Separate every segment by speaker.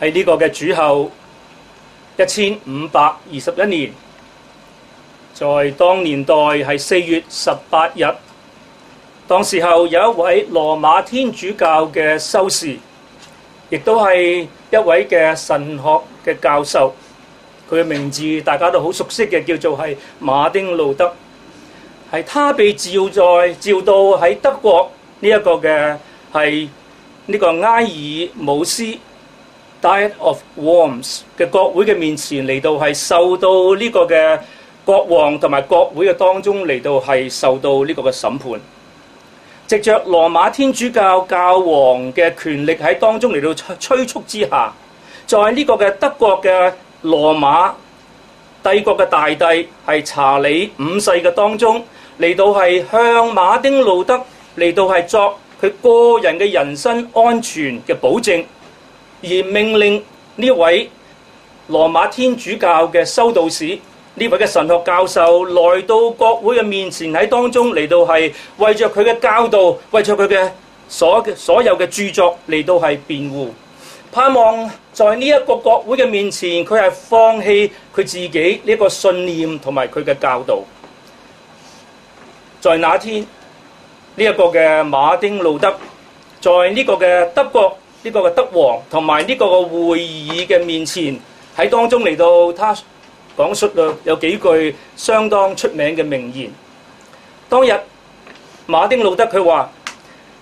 Speaker 1: 喺呢個嘅主後一千五百二十一年，在當年代係四月十八日，當時候有一位羅馬天主教嘅修士，亦都係一位嘅神學嘅教授，佢嘅名字大家都好熟悉嘅，叫做係馬丁路德。係他被召在召到喺德國呢一個嘅係呢個埃爾姆斯。Diet of Worms 嘅國會嘅面前嚟到係受到呢個嘅國王同埋國會嘅當中嚟到係受到呢個嘅審判，藉着羅馬天主教教皇嘅權力喺當中嚟到催促之下，在呢個嘅德國嘅羅馬帝國嘅大帝係查理五世嘅當中嚟到係向馬丁路德嚟到係作佢個人嘅人身安全嘅保證。而命令呢位羅馬天主教嘅修道士，呢位嘅神學教授來到國會嘅面前喺當中嚟到係為着佢嘅教導，為着佢嘅所嘅所有嘅著作嚟到係辯護，盼望在呢一個國會嘅面前，佢係放棄佢自己呢個信念同埋佢嘅教導。在那天，呢一個嘅馬丁路德在呢個嘅德國。呢個嘅德皇同埋呢個嘅會議嘅面前喺當中嚟到，他講述有幾句相當出名嘅名言。當日馬丁路德佢話：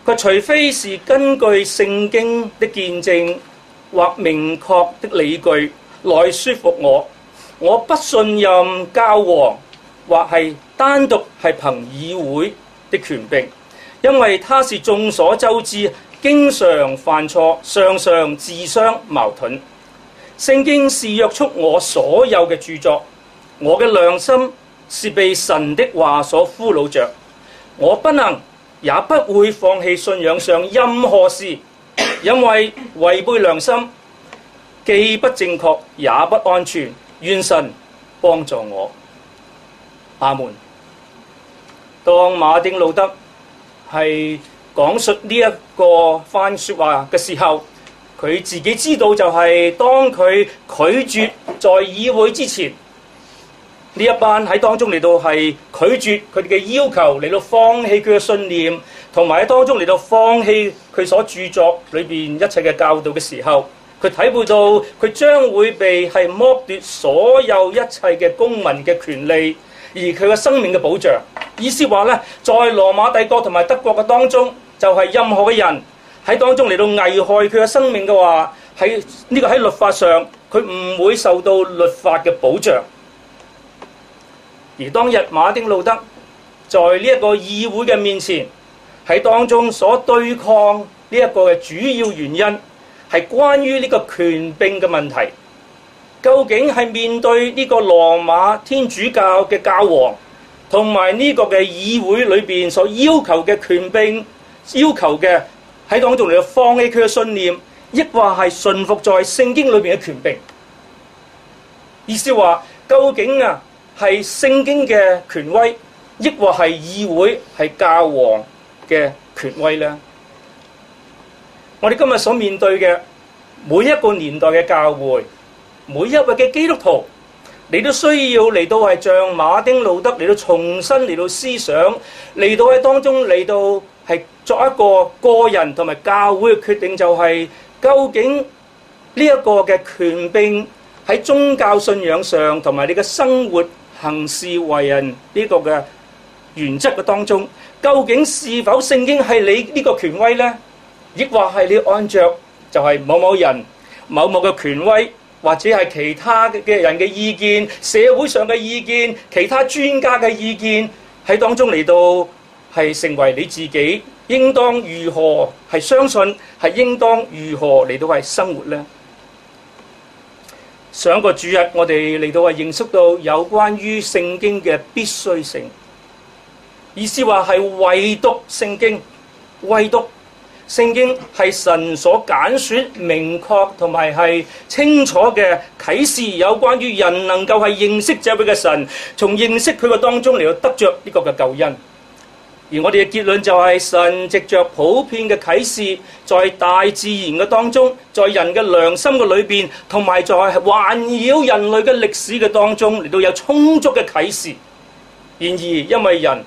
Speaker 1: 佢除非是根據聖經的見證或明確的理據來説服我，我不信任教皇或係單獨係憑議會的權柄，因為他是眾所周知，經常犯錯，常常自相矛盾。聖經是約束我所有嘅著作，我嘅良心是被神的話所俘虜着。我不能，也不會放棄信仰上任何事，因為違背良心，既不正確，也不安全。願神幫助我。阿門。當馬丁路德係。講述呢一個番説話嘅時候，佢自己知道就係當佢拒絕在議會之前，呢一班喺當中嚟到係拒絕佢哋嘅要求，嚟到放棄佢嘅信念，同埋喺當中嚟到放棄佢所著作裏邊一切嘅教導嘅時候，佢體會到佢將會被係剝奪所有一切嘅公民嘅權利。而佢嘅生命嘅保障，意思話咧，在羅馬帝國同埋德國嘅當中，就係、是、任何嘅人喺當中嚟到危害佢嘅生命嘅話，喺呢個喺律法上，佢唔會受到律法嘅保障。而當日馬丁路德在呢一個議會嘅面前，喺當中所對抗呢一個嘅主要原因，係關於呢個權柄嘅問題。究竟係面對呢個羅馬天主教嘅教皇，同埋呢個嘅議會裏面所要求嘅權柄，要求嘅喺當中嚟，放棄佢嘅信念，抑或係順服在聖經裏面嘅權柄？意思話，究竟啊係聖經嘅權威，抑或係議會係教皇嘅權威呢？我哋今日所面對嘅每一個年代嘅教會。每一位嘅基督徒，你都需要嚟到係像馬丁路德嚟到重新嚟到思想，嚟到喺當中嚟到係作一個個人同埋教會嘅決定，就係究竟呢一個嘅權柄喺宗教信仰上，同埋你嘅生活行事為人呢個嘅原則嘅當中，究竟是否聖經係你呢個權威咧？亦或係你按著就係某某人、某某嘅權威？或者係其他嘅人嘅意見，社會上嘅意見，其他專家嘅意見，喺當中嚟到係成為你自己，應當如何係相信，係應當如何嚟到係生活呢？上個主日我哋嚟到係認識到有關於聖經嘅必須性，意思話係唯獨聖經，唯獨。聖經係神所揀選，明確同埋係清楚嘅啟示，有關於人能夠係認識這位嘅神，從認識佢嘅當中嚟到得着呢個嘅救恩。而我哋嘅結論就係神藉着普遍嘅啟示，在大自然嘅當中，在人嘅良心嘅裏邊，同埋在環繞人類嘅歷史嘅當中，嚟到有充足嘅啟示。然而，因為人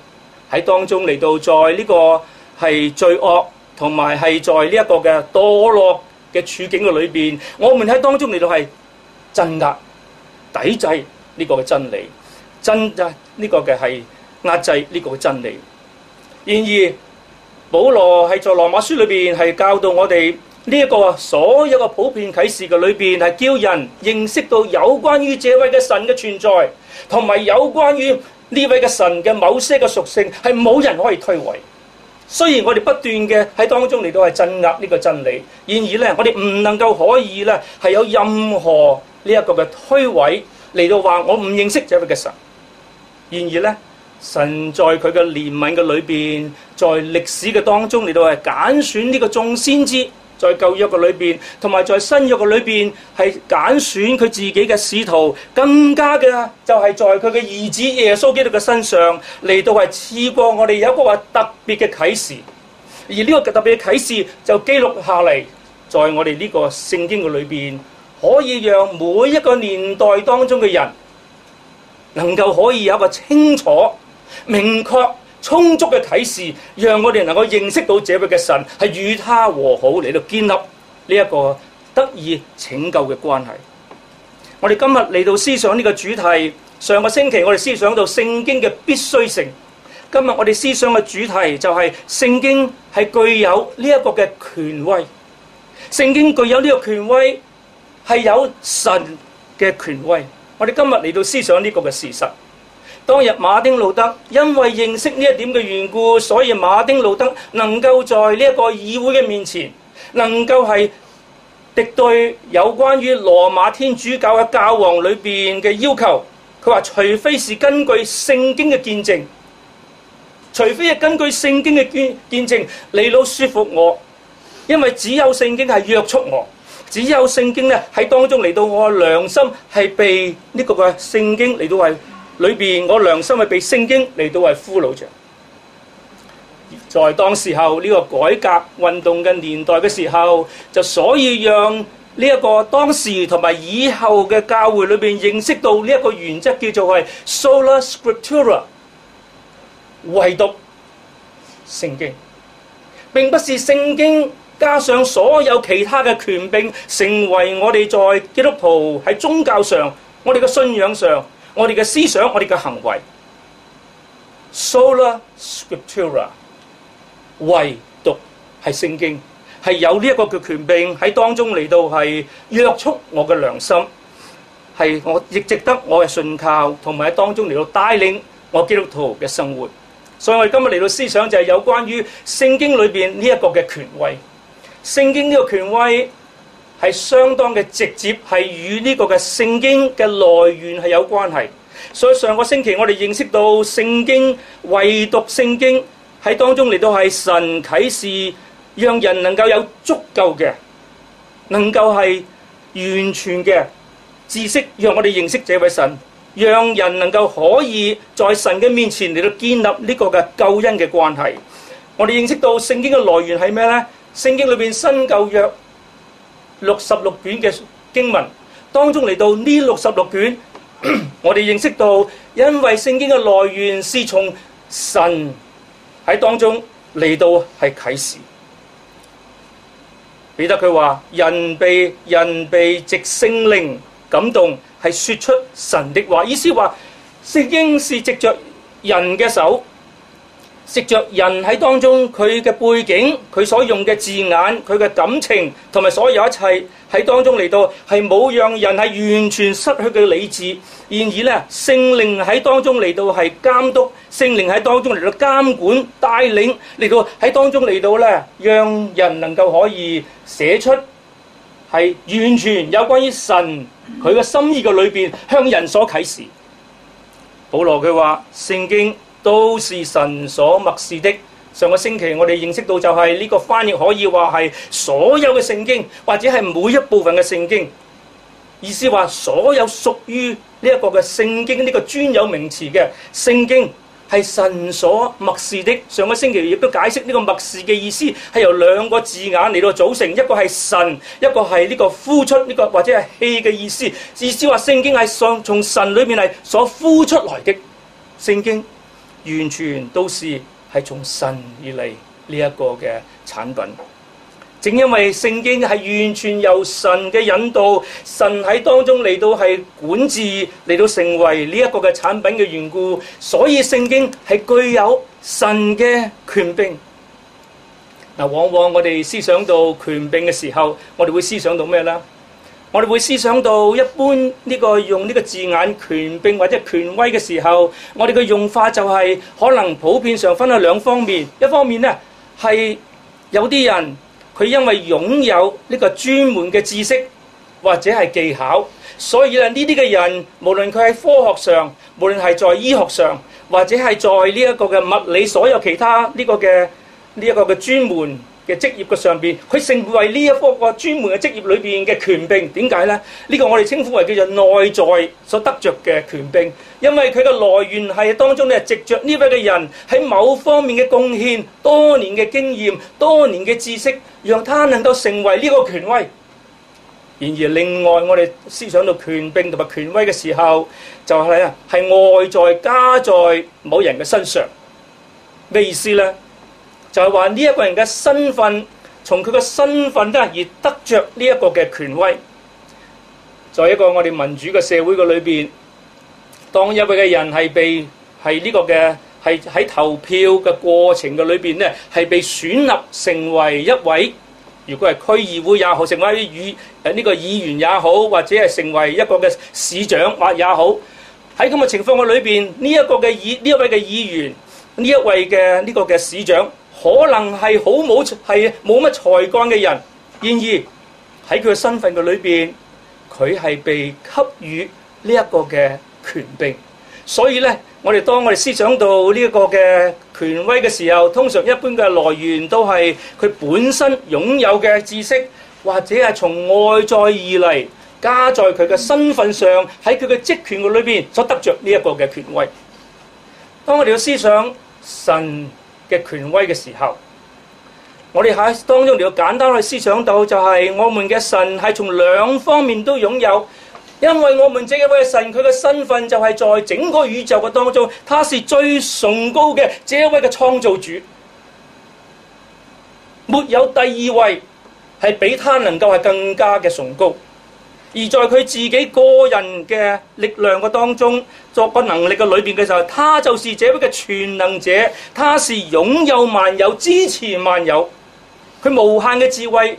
Speaker 1: 喺當中嚟到在呢個係罪惡。同埋係在呢一個嘅墮落嘅處境嘅裏邊，我們喺當中嚟到係鎮壓、抵制呢個嘅真理，真就呢、啊呢個嘅係壓制呢個真理。然而，保羅係在羅馬書裏邊係教導我哋呢一個所有嘅普遍啟示嘅裏邊，係叫人認識到有關於這位嘅神嘅存在，同埋有關於呢位嘅神嘅某些嘅屬性，係冇人可以推諉。雖然我哋不斷嘅喺當中嚟到係鎮壓呢個真理，然而呢，我哋唔能夠可以呢係有任何呢一個嘅推諉嚟到話我唔認識這個嘅神。然而呢，神在佢嘅憐憫嘅裏邊，在歷史嘅當中嚟到係揀選呢個眾先知。在舊約嘅裏面，同埋在新約嘅裏面，係揀選佢自己嘅使徒。更加嘅就係在佢嘅兒子耶穌基督嘅身上嚟到係賜過我哋有一個話特別嘅啟示，而呢個特別嘅啟示就記錄下嚟在我哋呢個聖經嘅裏邊，可以讓每一個年代當中嘅人能夠可以有一個清楚、明確。充足嘅啓示，讓我哋能夠認識到這位嘅神係與他和好嚟到建立呢一個得以拯救嘅關係。我哋今日嚟到思想呢個主題，上個星期我哋思想到聖經嘅必須性。今日我哋思想嘅主題就係、是、聖經係具有呢一個嘅權威。聖經具有呢個權威係有神嘅權威。我哋今日嚟到思想呢個嘅事實。當日馬丁路德因為認識呢一點嘅緣故，所以馬丁路德能夠在呢一個議會嘅面前能夠係敵對有關於羅馬天主教嘅教皇裏邊嘅要求。佢話：除非是根據聖經嘅見證，除非係根據聖經嘅見見證，你老説服我，因為只有聖經係約束我，只有聖經咧喺當中嚟到我良心係被呢個嘅聖經嚟到為。裏邊我良心係被聖經嚟到係俘虜着，在當時候呢個改革運動嘅年代嘅時候，就所以讓呢一個當時同埋以後嘅教會裏邊認識到呢一個原則叫做係 sola scriptura，唯獨聖經，並不是聖經加上所有其他嘅權柄，成為我哋在基督徒喺宗教上，我哋嘅信仰上。我哋嘅思想，我哋嘅行為，Sola Scriptura 唯獨係聖經，係有呢一個嘅權柄喺當中嚟到係約束我嘅良心，係我亦值得我嘅信靠。同埋喺當中嚟到帶領我基督徒嘅生活。所以我哋今日嚟到思想就係有關於聖經裏面呢一個嘅權威，聖經呢個權威。係相當嘅直接，係與呢個嘅聖經嘅來源係有關係。所以上個星期我哋認識到聖經，唯獨聖經喺當中嚟到係神啟示，讓人能夠有足夠嘅，能夠係完全嘅知識，讓我哋認識這位神，讓人能夠可以在神嘅面前嚟到建立呢個嘅救恩嘅關係。我哋認識到聖經嘅來源係咩呢？聖經裏邊新舊約。六十六卷嘅經文當中嚟到，呢六十六卷， 我哋認識到，因為聖經嘅來源是從神喺當中嚟到係啟示。彼得佢話人被人被直聖靈感動係說出神嘅話，意思話聖經是藉着人嘅手。食着人喺當中，佢嘅背景、佢所用嘅字眼、佢嘅感情同埋所有一切喺當中嚟到，係冇讓人係完全失去嘅理智。然而呢，聖靈喺當中嚟到係監督，聖靈喺當中嚟到監管、帶領嚟到喺當中嚟到呢，讓人能夠可以寫出係完全有關於神佢嘅心意嘅裏邊向人所啟示。保羅佢話聖經都是神所默示的。上個星期我哋認識到就係呢個翻譯可以話係所有嘅聖經，或者係每一部分嘅聖經。意思話所有屬於呢個嘅聖經呢個專有名詞嘅聖經係神所默示的。上個星期亦都解釋呢個默示嘅意思係由兩個字眼嚟到組成，一個係神，一個係呢個呼出呢個或者係氣嘅意思。意思話聖經係從神裏面係所呼出來嘅聖經。完全都是係從神而嚟呢一個嘅產品，正因為聖經係完全由神嘅引導，神喺當中嚟到係管治，嚟到成為呢一個嘅產品嘅緣故，所以聖經係具有神嘅權柄。往往我哋思想到權柄嘅時候，我哋會思想到咩呢？我哋會思想到一般呢個用呢個字眼權柄或者權威嘅時候，我哋嘅用法就係可能普遍上分咗兩方面。一方面呢，係有啲人佢因為擁有呢個專門嘅知識或者係技巧，所以咧呢啲嘅人無論佢喺科學上，無論係在醫學上，或者係在呢一個嘅物理所有其他呢個嘅呢一個嘅專門。嘅職業嘅上邊，佢成為呢一科個專門嘅職業裏邊嘅權柄，點解咧？呢個我哋稱呼為叫做內在所得著嘅權柄，因為佢嘅來源係當中咧，係藉著呢位嘅人喺某方面嘅貢獻、多年嘅經驗、多年嘅知識，讓他能夠成為呢個權威。然而另外，我哋思想到權柄同埋權威嘅時候，就係啊，係外在加在某人嘅身上，咩意思咧？就係話呢一個人嘅身份，從佢嘅身份咧而得着呢一個嘅權威，在一個我哋民主嘅社會嘅裏邊，當一位嘅人係被係呢個嘅係喺投票嘅過程嘅裏邊咧，係被選立成為一位，如果係區議會也好，成為與誒呢個議員也好，或者係成為一個嘅市長或也好，喺咁嘅情況嘅裏邊，呢、這、一個嘅議呢一位嘅議員，呢一位嘅呢、這個嘅市長。可能係好冇，係冇乜才幹嘅人，然而喺佢嘅身份嘅裏邊，佢係被給予呢一個嘅權柄。所以咧，我哋當我哋思想到呢一個嘅權威嘅時候，通常一般嘅來源都係佢本身擁有嘅知識，或者係從外在而嚟加在佢嘅身份上，喺佢嘅職權嘅裏邊所得着呢一個嘅權威。當我哋嘅思想神。嘅權威嘅時候，我哋喺當中嚟個簡單去思想到，就是，就係我們嘅神係從兩方面都擁有，因為我們這一位神佢嘅身份就係在整個宇宙嘅當中，他是最崇高嘅這一位嘅創造主，沒有第二位係比他能夠係更加嘅崇高。而在佢自己個人嘅力量嘅當中，作個能力嘅裏面嘅時候，他就是這位嘅全能者，他是擁有萬有、支持萬有，佢無限嘅智慧，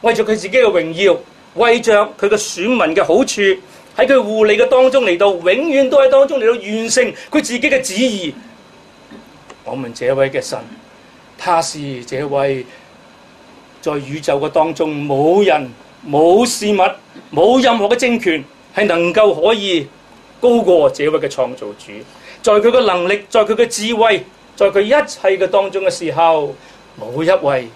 Speaker 1: 為著佢自己嘅榮耀，為着佢嘅選民嘅好處，喺佢護理嘅當中嚟到，永遠都喺當中嚟到完成佢自己嘅旨意。我們這位嘅神，他是這位在宇宙嘅當中冇人。冇事物，冇任何嘅政權係能夠可以高過這位嘅創造主，在佢嘅能力，在佢嘅智慧，在佢一切嘅當中嘅時候，冇一位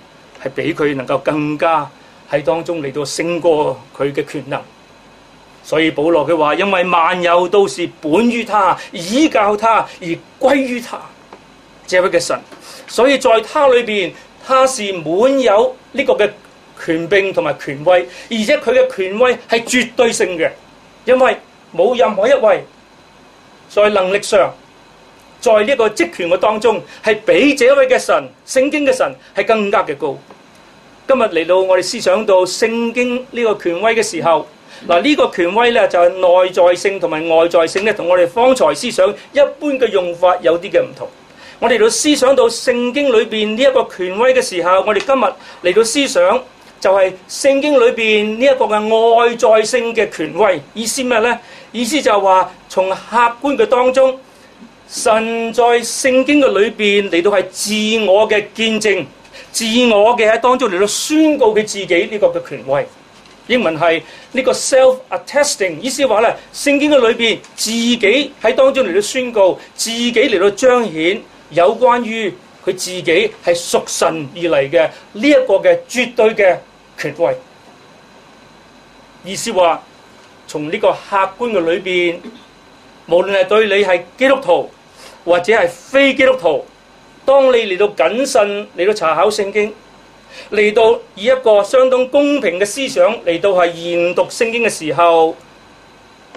Speaker 1: 係比佢能夠更加喺當中嚟到勝過佢嘅權能。所以保羅佢話，因為萬有都是本於他、倚靠他而歸於他，這位嘅神。所以在他裏邊，他是滿有呢個嘅。權柄同埋權威，而且佢嘅權威係絕對性嘅，因為冇任何一位在能力上，在呢個職權嘅當中係比這一位嘅神、聖經嘅神係更加嘅高。今日嚟到我哋思想到聖經呢個權威嘅時候，嗱，呢個權威咧，就係內在性同埋外在性咧，同我哋方才思想一般嘅用法有啲嘅唔同。我哋到思想到聖經裏邊呢一個權威嘅時候，我哋今日嚟到思想。就係聖經裏邊呢一個嘅外在性嘅權威，意思咩呢？意思就係話從客觀嘅當中，神在聖經嘅裏邊嚟到係自我嘅見證，自我嘅喺當中嚟到宣告佢自己呢個嘅權威。英文係呢個 self-attesting，意思話咧，聖經嘅裏邊自己喺當中嚟到宣告，自己嚟到彰顯有關於佢自己係屬神而嚟嘅呢一個嘅絕對嘅權威，意思話，從呢個客觀嘅裏邊，無論係對你係基督徒或者係非基督徒，當你嚟到謹慎嚟到查考聖經，嚟到以一個相當公平嘅思想嚟到係研讀聖經嘅時候，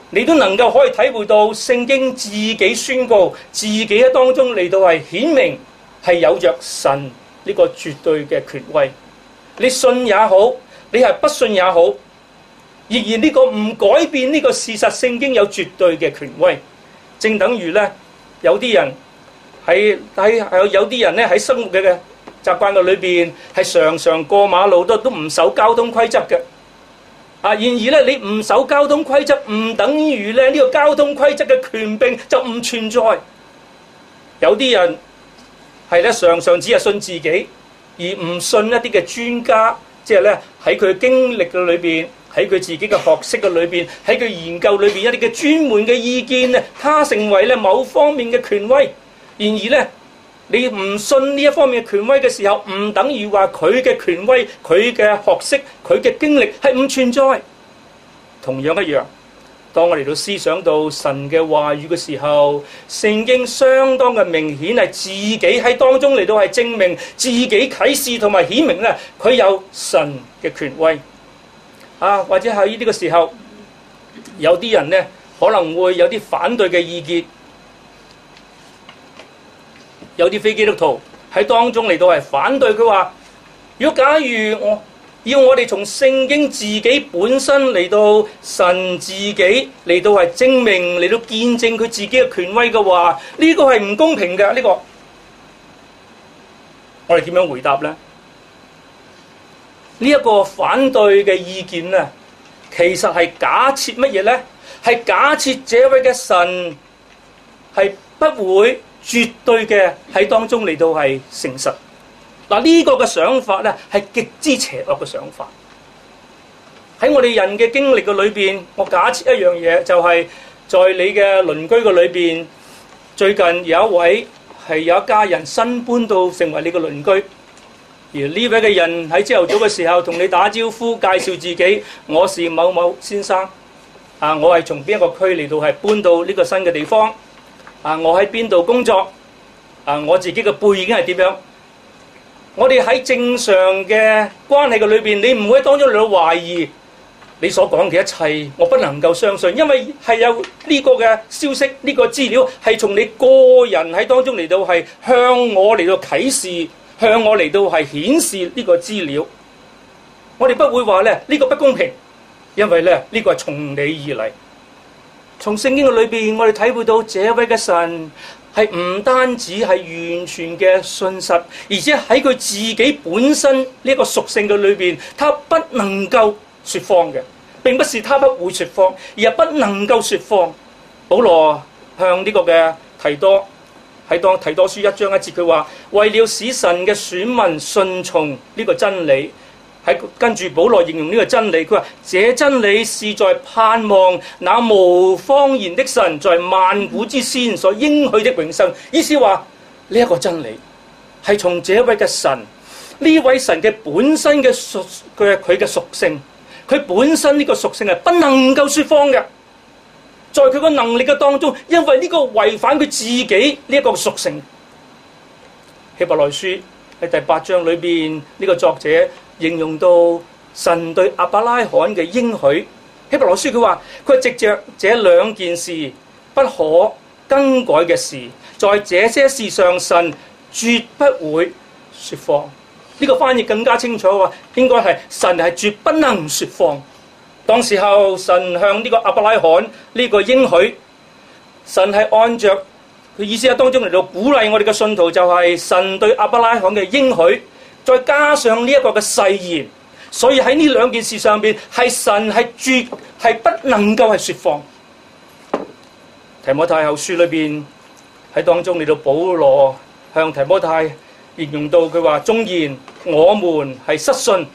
Speaker 1: 你都能夠可以體會到聖經自己宣告自己喺當中嚟到係顯明係有着神呢、這個絕對嘅權威。你信也好，你係不信也好，然而呢個唔改變呢個事實，聖經有絕對嘅權威，正等於咧有啲人喺喺有有啲人咧喺生活嘅習慣度裏邊係常常過馬路都都唔守交通規則嘅，啊，然而咧你唔守交通規則唔等於咧呢個交通規則嘅權柄就唔存在，有啲人係咧常常只係信自己。而唔信一啲嘅專家，即係咧喺佢經歷嘅裏邊，喺佢自己嘅學識嘅裏邊，喺佢研究裏面，一啲嘅專門嘅意見咧，他成為某方面嘅權威。然而呢，你唔信呢一方面嘅權威嘅時候，唔等於話佢嘅權威、佢嘅學識、佢嘅經歷係唔存在，同樣一樣。當我嚟到思想到神嘅話語嘅時候，聖經相當嘅明顯係自己喺當中嚟到係證明自己啟示同埋顯明咧，佢有神嘅權威啊！或者喺呢個時候，有啲人咧可能會有啲反對嘅意見，有啲非基督徒喺當中嚟到係反對佢話：如果假如我要我哋從聖經自己本身嚟到神自己嚟到係證明嚟到見證佢自己嘅權威嘅話，呢個係唔公平嘅。呢個我哋點樣回答咧？呢一個反對嘅意見啊，其實係假設乜嘢咧？係假設這位嘅神係不會絕對嘅喺當中嚟到係誠實。嗱，呢個嘅想法咧，係極之邪惡嘅想法。喺我哋人嘅經歷嘅裏邊，我假設一樣嘢就係，在你嘅鄰居嘅裏邊，最近有一位係有一家人新搬到成為你嘅鄰居。而呢位嘅人喺朝頭早嘅時候同你打招呼，介紹自己：我是某某先生。啊，我係從邊一個區嚟到係搬到呢個新嘅地方。啊，我喺邊度工作？啊，我自己嘅背景係點樣？我哋喺正常嘅關係嘅裏邊，你唔會喺當中嚟到懷疑你所講嘅一切，我不能夠相信，因為係有呢個嘅消息，呢個資料係從你個人喺當中嚟到係向我嚟到啟示，向我嚟到係顯示呢個資料。我哋不會話咧呢個不公平，因為咧呢個係從你而嚟，從聖經嘅裏邊，我哋體會到這位嘅神。係唔單止係完全嘅信實，而且喺佢自己本身呢一個屬性嘅裏邊，他不能夠説謊嘅。並不是他不會説謊，而係不能夠説謊。保羅向呢個嘅提多，提多喺當提多書一章一節，佢話：為了使神嘅選民信從呢個真理。喺跟住保羅形容呢個真理，佢話：這真理是在盼望那無謊言的神在萬古之先所應許的永生。意思話呢一個真理係從這位嘅神，呢位神嘅本身嘅屬佢嘅屬性，佢本身呢個屬性係不能夠説謊嘅。在佢個能力嘅當中，因為呢個違反佢自己呢一個屬性。希伯來書喺第八章裏邊，呢、這個作者。形容到神對亞伯拉罕嘅應許，希伯來書佢話佢係藉着這兩件事不可更改嘅事，在這些事上神絕不會説謊。呢、這個翻譯更加清楚，話應該係神係絕不能説謊。當時候神向呢個亞伯拉罕呢個應許，神係按着佢意思喺當中嚟到鼓勵我哋嘅信徒，就是，就係神對亞伯拉罕嘅應許。再加上呢一個嘅誓言，所以喺呢兩件事上面，係神係絕係不能夠係説謊。提摩太後書裏面，喺當中，嚟到保羅向提摩太形容到佢話，佢話，縱然，我們係失信。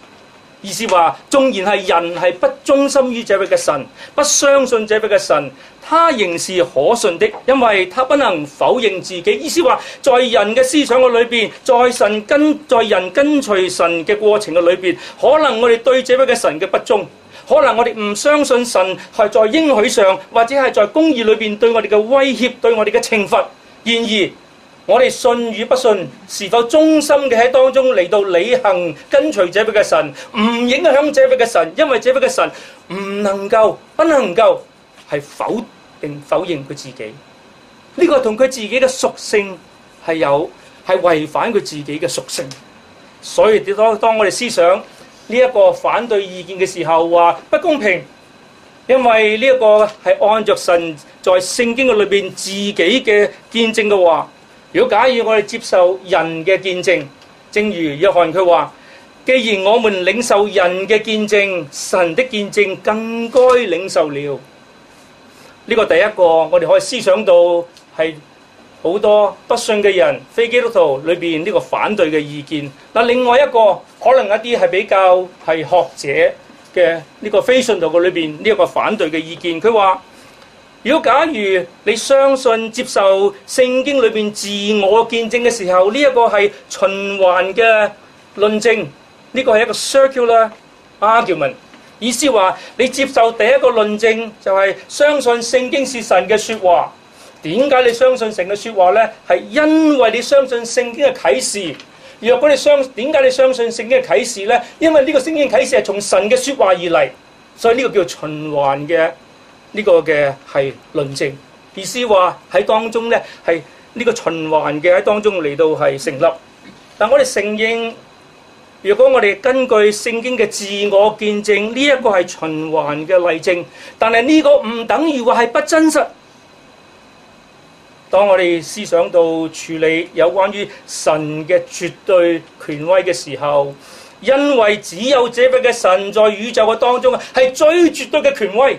Speaker 1: 意思話，縱然係人係不忠心於這位嘅神，不相信這位嘅神，他仍是可信的，因為他不能否認自己。意思話，在人嘅思想嘅裏邊，在神跟在人跟隨神嘅過程嘅裏邊，可能我哋對這位嘅神嘅不忠，可能我哋唔相信神係在應許上，或者係在公義裏邊對我哋嘅威脅，對我哋嘅懲罰。然而，我哋信與不信，是否忠心嘅喺當中嚟到履行跟隨這位嘅神，唔影響這位嘅神，因為這位嘅神唔能夠不能夠係否定、否認佢自己。呢、這個同佢自己嘅屬性係有係違反佢自己嘅屬性，所以點解當，當我哋思想呢一、這個反對意見嘅時候話不公平？因為呢一個係按着神在聖經嘅裏邊自己嘅見證嘅話。如果假如我哋接受人嘅見證，正如約翰佢話，既然我們領受人嘅見證，神的見證更該領受了。呢個第一個，我哋可以思想到係好多不信嘅人非基督徒裏邊呢個反對嘅意見。嗱，另外一個可能一啲係比較係學者嘅呢個非信徒嘅裏邊呢一個反對嘅意見，佢話。如果假如你相信接受聖經裏邊自我見證嘅時候，呢一個係循環嘅論證，呢個係一個 circular argument。意思話你接受第一個論證就係相信聖經是神嘅説話。點解你相信神嘅說話咧？係因為你相信聖經嘅啟示。如果你相點解你相信聖經嘅啟示咧？因為呢個聖經的啟示係從神嘅說話而嚟，所以呢個叫循環嘅。呢個嘅係論證，意思話喺當中咧係呢個循環嘅喺當中嚟到係成立。但我哋承認，如果我哋根據聖經嘅自我見證，呢一個係循環嘅例證。但係呢個唔等於話係不真實。當我哋思想到處理有關於神嘅絕對權威嘅時候，因為只有這位嘅神在宇宙嘅當中啊，係最絕對嘅權威。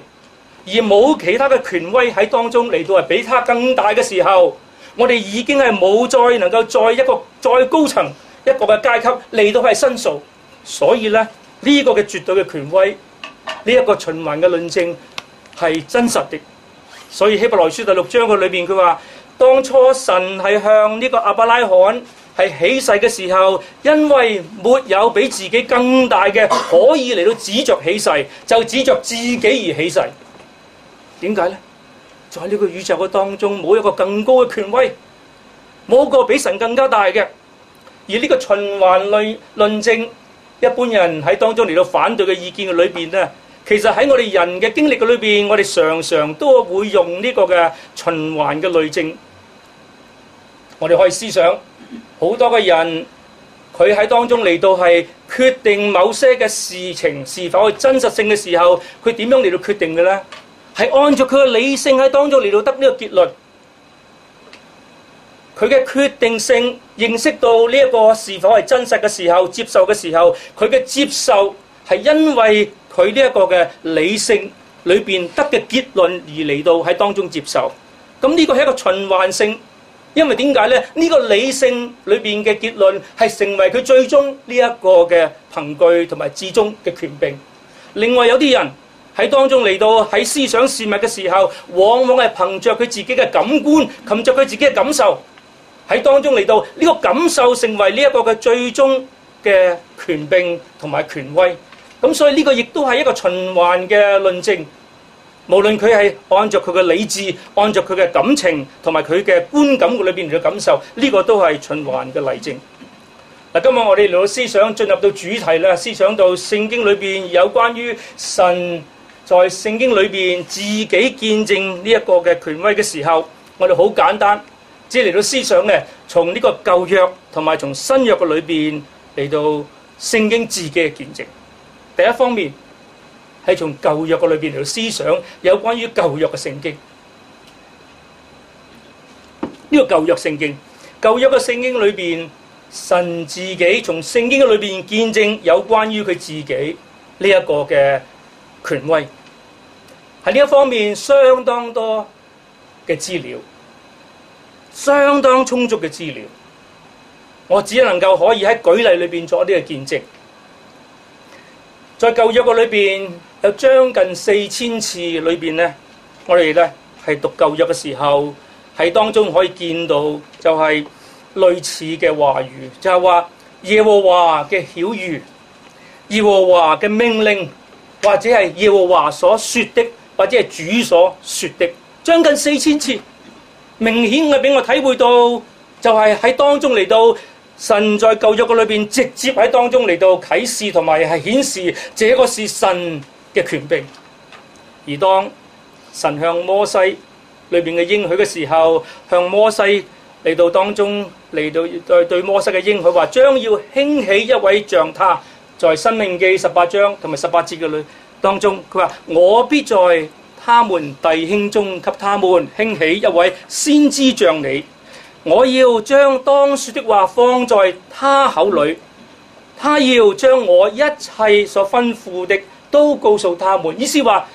Speaker 1: 而冇其他嘅權威喺當中嚟到係比他更大嘅時候，我哋已經係冇再能夠再一個再高層一個嘅階級嚟到去申訴，所以咧呢個嘅絕對嘅權威，呢一個循環嘅論證係真實的。所以希伯來書第六章嘅裏邊佢話，當初神係向呢個阿伯拉罕係起誓嘅時候，因為沒有比自己更大嘅可以嚟到指著起誓，就指著自己而起誓。點解咧？在呢個宇宙嘅當中，冇一個更高嘅權威，冇一個比神更加大嘅。而呢個循環類論證，一般人喺當中嚟到反對嘅意見嘅裏邊咧，其實喺我哋人嘅經歷嘅裏邊，我哋常常都會用呢個嘅循環嘅論證。我哋可以思想，好多嘅人，佢喺當中嚟到係決定某些嘅事情是否係真實性嘅時候，佢點樣嚟到決定嘅咧？係按照佢嘅理性喺當中嚟到得呢個結論，佢嘅決定性認識到呢一個是否係真實嘅時候接受嘅時候，佢嘅接受係因為佢呢個嘅理性裏面得嘅結論而嚟到喺當中接受。咁呢個係一個循環性，因為點解呢？呢個理性裏面嘅結論係成為佢最終呢一個嘅憑據同埋至終嘅權柄。另外有啲人。喺當中嚟到喺思想事物嘅時候，往往係憑着佢自己嘅感官，憑着佢自己嘅感受，喺當中嚟到呢個感受成為呢一個嘅最終嘅權柄同埋權威。咁所以呢個亦都係一個循環嘅論證。無論佢係按著佢嘅理智，按著佢嘅感情，同埋佢嘅觀感嘅裏邊嘅感受，呢個都係循環嘅例證。嗱，今日我哋嚟到思想進入到主題啦，思想到聖經裏邊有關於神。在聖經裏面自己見證呢一個嘅權威嘅時候，我哋好簡單，只係嚟到思想咧，從呢個舊約同埋從新約嘅裏面嚟到聖經自己嘅見證。第一方面係從舊約嘅裏面嚟到思想有關於舊約嘅聖經。呢、這個舊約聖經，舊約嘅聖經裏面，神自己從聖經嘅裏面見證有關於佢自己呢一個嘅。權威喺呢一方面，相當多嘅資料，相當充足嘅資料，我只能夠可以喺舉例裏邊做一啲嘅見證。在舊約嘅裏邊，有將近四千次裏邊呢，我哋咧係讀舊約嘅時候，喺當中可以見到就係類似嘅話語，就係話耶和華嘅曉諭，耶和華嘅命令。或者係耶和華所說的，或者係主所說的，將近四千次，明顯嘅俾我體會到，就係、是、喺當中嚟到神在舊約嘅裏邊，直接喺當中嚟到啟示同埋係顯示，這個是神嘅權柄。而當神向摩西裏邊嘅應許嘅時候，向摩西嚟到當中嚟到對對，對摩西嘅應許話，將要興起一位像他。在《生命記》十八章同埋十八節嘅裏當中，佢話：我必在他們弟兄中給他們興起一位先知像你，我要將當說的話放在他口裏，他要將我一切所吩咐的都告訴他們。意思話，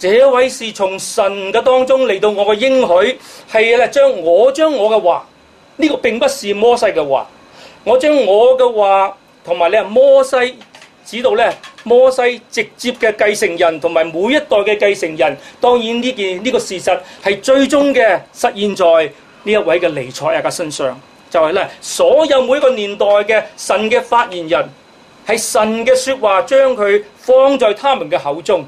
Speaker 1: 這位是從神嘅當中嚟到，我嘅應許係咧將我將我嘅話，呢個並不是摩西嘅話，我將我嘅話同埋你係摩西。指到咧摩西直接嘅繼承人，同埋每一代嘅繼承人，當然呢件呢、這個事實係最終嘅實現，在呢一位嘅尼采亞嘅身上，就係、是、咧所有每一個年代嘅神嘅發言人，係神嘅說話，將佢放在他們嘅口中。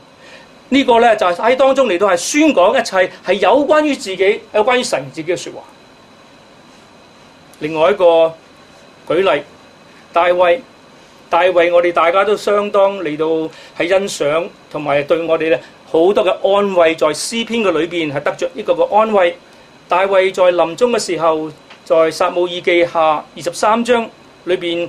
Speaker 1: 這個、呢個咧就係、是、喺當中嚟到係宣講一切係有關於自己，有關於神自己嘅說話。另外一個舉例，大衛。大衛，我哋大家都相當嚟到喺欣賞，同埋對我哋咧好多嘅安慰，在詩篇嘅裏邊係得着呢個嘅安慰。大衛在臨終嘅時候，在撒母耳記下二十三章裏邊，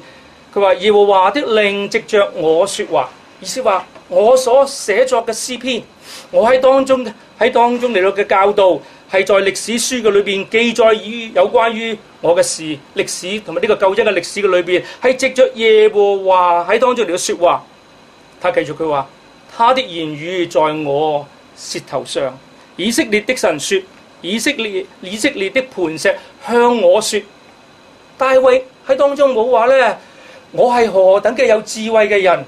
Speaker 1: 佢話耶和華的靈藉着我說話，意思話我所寫作嘅詩篇，我喺當中喺當中嚟到嘅教導。係在歷史書嘅裏邊記載於有關於我嘅事歷史同埋呢個救恩嘅歷史嘅裏邊，係藉着耶和華喺當中嚟嘅説話。他繼續佢話：他的言語在我舌頭上。以色列的神說：以色列以色列的磐石向我説：大衛喺當中冇話咧，我係何等嘅有智慧嘅人，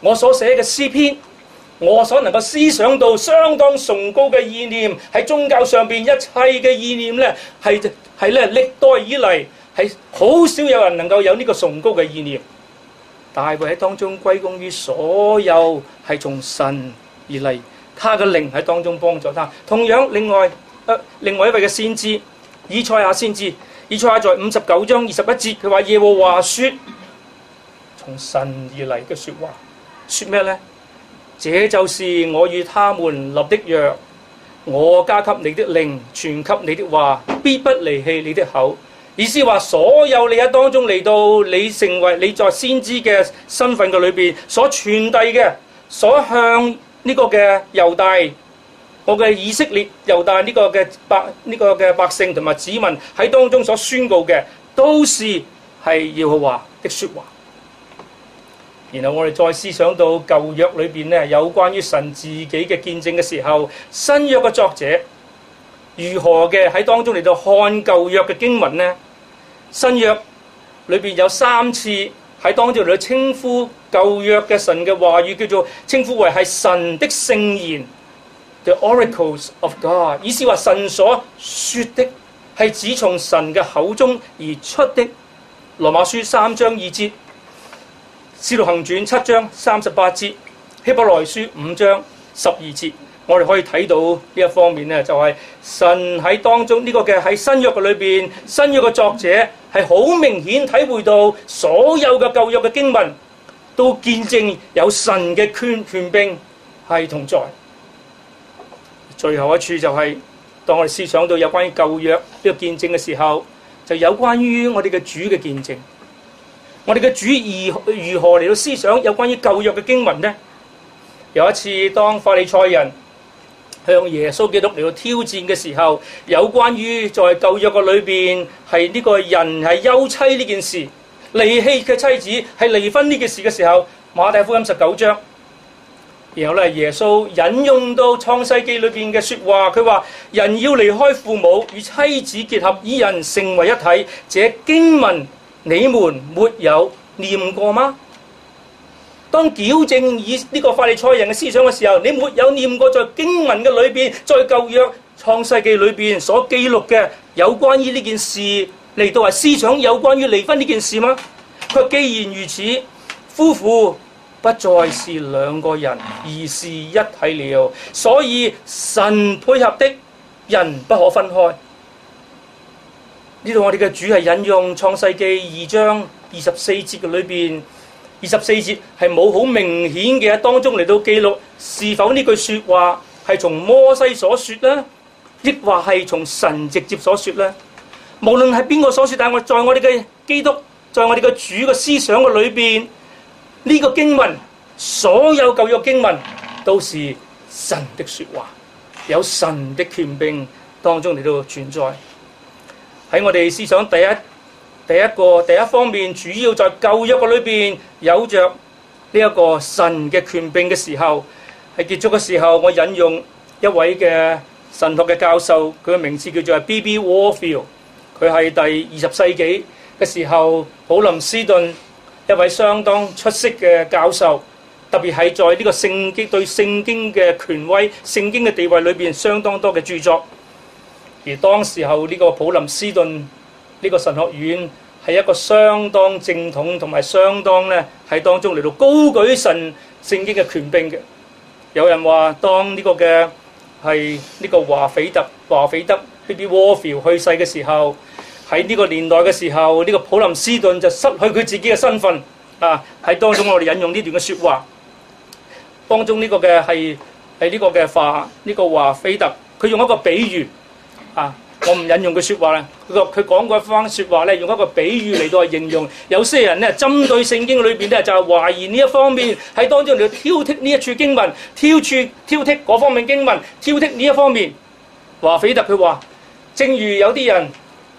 Speaker 1: 我所寫嘅詩篇。我所能夠思想到相當崇高嘅意念，喺宗教上面一切嘅意念咧，係係歷代以嚟，係好少有人能夠有呢個崇高嘅意念。但係喺當中歸功於所有係從神而嚟，他嘅靈喺當中幫助他。同樣，另外、呃、另外一位嘅先知以賽亞先知，以賽亞在五十九章二十一節，佢話耶和華說：從神而嚟嘅説話，説咩呢？」這就是我與他們立的約，我加給你的靈，傳給你的話，必不離棄你的口。意思話，所有你喺當中嚟到，你成為你在先知嘅身份嘅裏邊所傳遞嘅，所向呢個嘅猶大，我嘅以色列猶大呢個嘅百呢個嘅百姓同埋子民喺當中所宣告嘅，都是係耶和華的説話。然後我哋再思想到舊約裏邊呢，有關於神自己嘅見證嘅時候，新約嘅作者如何嘅喺當中嚟到看舊約嘅經文呢？新約裏邊有三次喺當中嚟到稱呼舊約嘅神嘅話語叫做稱呼為係神的聖言，The Oracles of God，意思話神所説的係指從神嘅口中而出的。羅馬書三章二節。《使徒行傳》七章三十八節，《希伯來書》五章十二節，我哋可以睇到呢一方面呢就係、是、神喺當中呢、這個嘅喺新約嘅裏邊，新約嘅作者係好明顯體會到所有嘅舊約嘅經文都見證有神嘅權權柄係同在。最後一處就係、是、當我哋思想到有關於舊約呢個見證嘅時候，就有關於我哋嘅主嘅見證。我哋嘅主意如何嚟到思想有關於舊約嘅經文呢？有一次，當法利賽人向耶穌基督嚟到挑戰嘅時候，有關於在舊約嘅裏邊係呢個人係休妻呢件事，離棄嘅妻子係離婚呢件事嘅時候，《馬太福音》十九章，然後咧耶穌引用到《創世記》裏邊嘅說話，佢話人要離開父母與妻子結合，以人成為一體，這經文。你們沒有念過嗎？當矯正以呢個法利賽人嘅思想嘅時候，你沒有念過在經文嘅裏邊，在舊約創世記裏邊所記錄嘅有關於呢件事嚟到係思想有關於離婚呢件事嗎？佢，既然如此，夫婦不再是兩個人，而是一體了。所以神配合的人不可分開。呢度我哋嘅主係引用創世記二章二十四節嘅裏邊，二十四節係冇好明顯嘅當中嚟到記錄，是否呢句說話係從摩西所說呢，亦或係從神直接所說呢。無論係邊個所說，但係我在我哋嘅基督，在我哋嘅主嘅思想嘅裏邊，呢個經文所有舊約經文，都是神的說話，有神的權柄當中嚟到存在。喺我哋思想第一第一個第一方面，主要在舊約個裏邊，有着呢一個神嘅權柄嘅時候，係結束嘅時候，我引用一位嘅神學嘅教授，佢嘅名字叫做 B.B. Warfield，佢係第二十世紀嘅時候，普林斯頓一位相當出色嘅教授，特別係在呢個聖經對聖經嘅權威、聖經嘅地位裏邊相當多嘅著作。而當時候呢個普林斯頓，呢個神學院係一個相當正統同埋相當呢，喺當中嚟到高舉神聖經嘅權柄嘅。有人話當呢個嘅係呢個華斐特華斐特 B.B. Warfield 去世嘅時候，喺呢個年代嘅時候，呢、呢個普林斯頓就失去佢自己嘅身份啊！喺當中我哋引用呢段嘅説話，當中呢個嘅係係呢個嘅華呢個華斐特，佢用一個比喻。啊！我唔引用佢説話咧，佢佢講過一番説話咧，用一個比喻嚟到係形容。有些人咧，針對聖經裏邊咧，就係懷疑呢一方面，喺當中嚟到挑剔呢一處經文，挑剔挑剔嗰方面經文，挑剔呢一方面。華腓特佢話，正如有啲人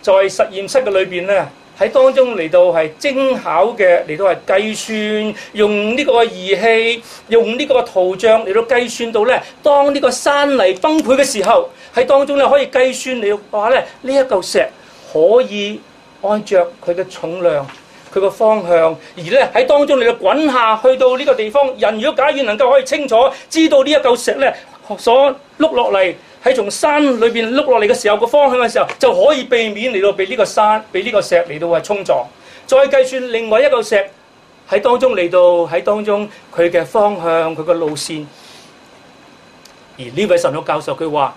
Speaker 1: 在實驗室嘅裏邊咧，喺當中嚟到係精巧嘅，嚟到係計算，用呢個儀器，用呢個圖像嚟到計算到咧，當呢個山泥崩潰嘅時候。喺當中咧，可以計算，你話咧呢一嚿石可以按照佢嘅重量、佢個方向，而咧喺當中嚟到滾下去到呢個地方。人如果假如能夠可以清楚知道呢一嚿石呢，所碌落嚟喺從山裏面碌落嚟嘅時候個方向嘅時候，就可以避免嚟到被呢個山、被呢個石嚟到啊衝撞。再計算另外一嚿石喺當中嚟到，喺當中佢嘅方向、佢嘅路線。而呢位神學教授佢話，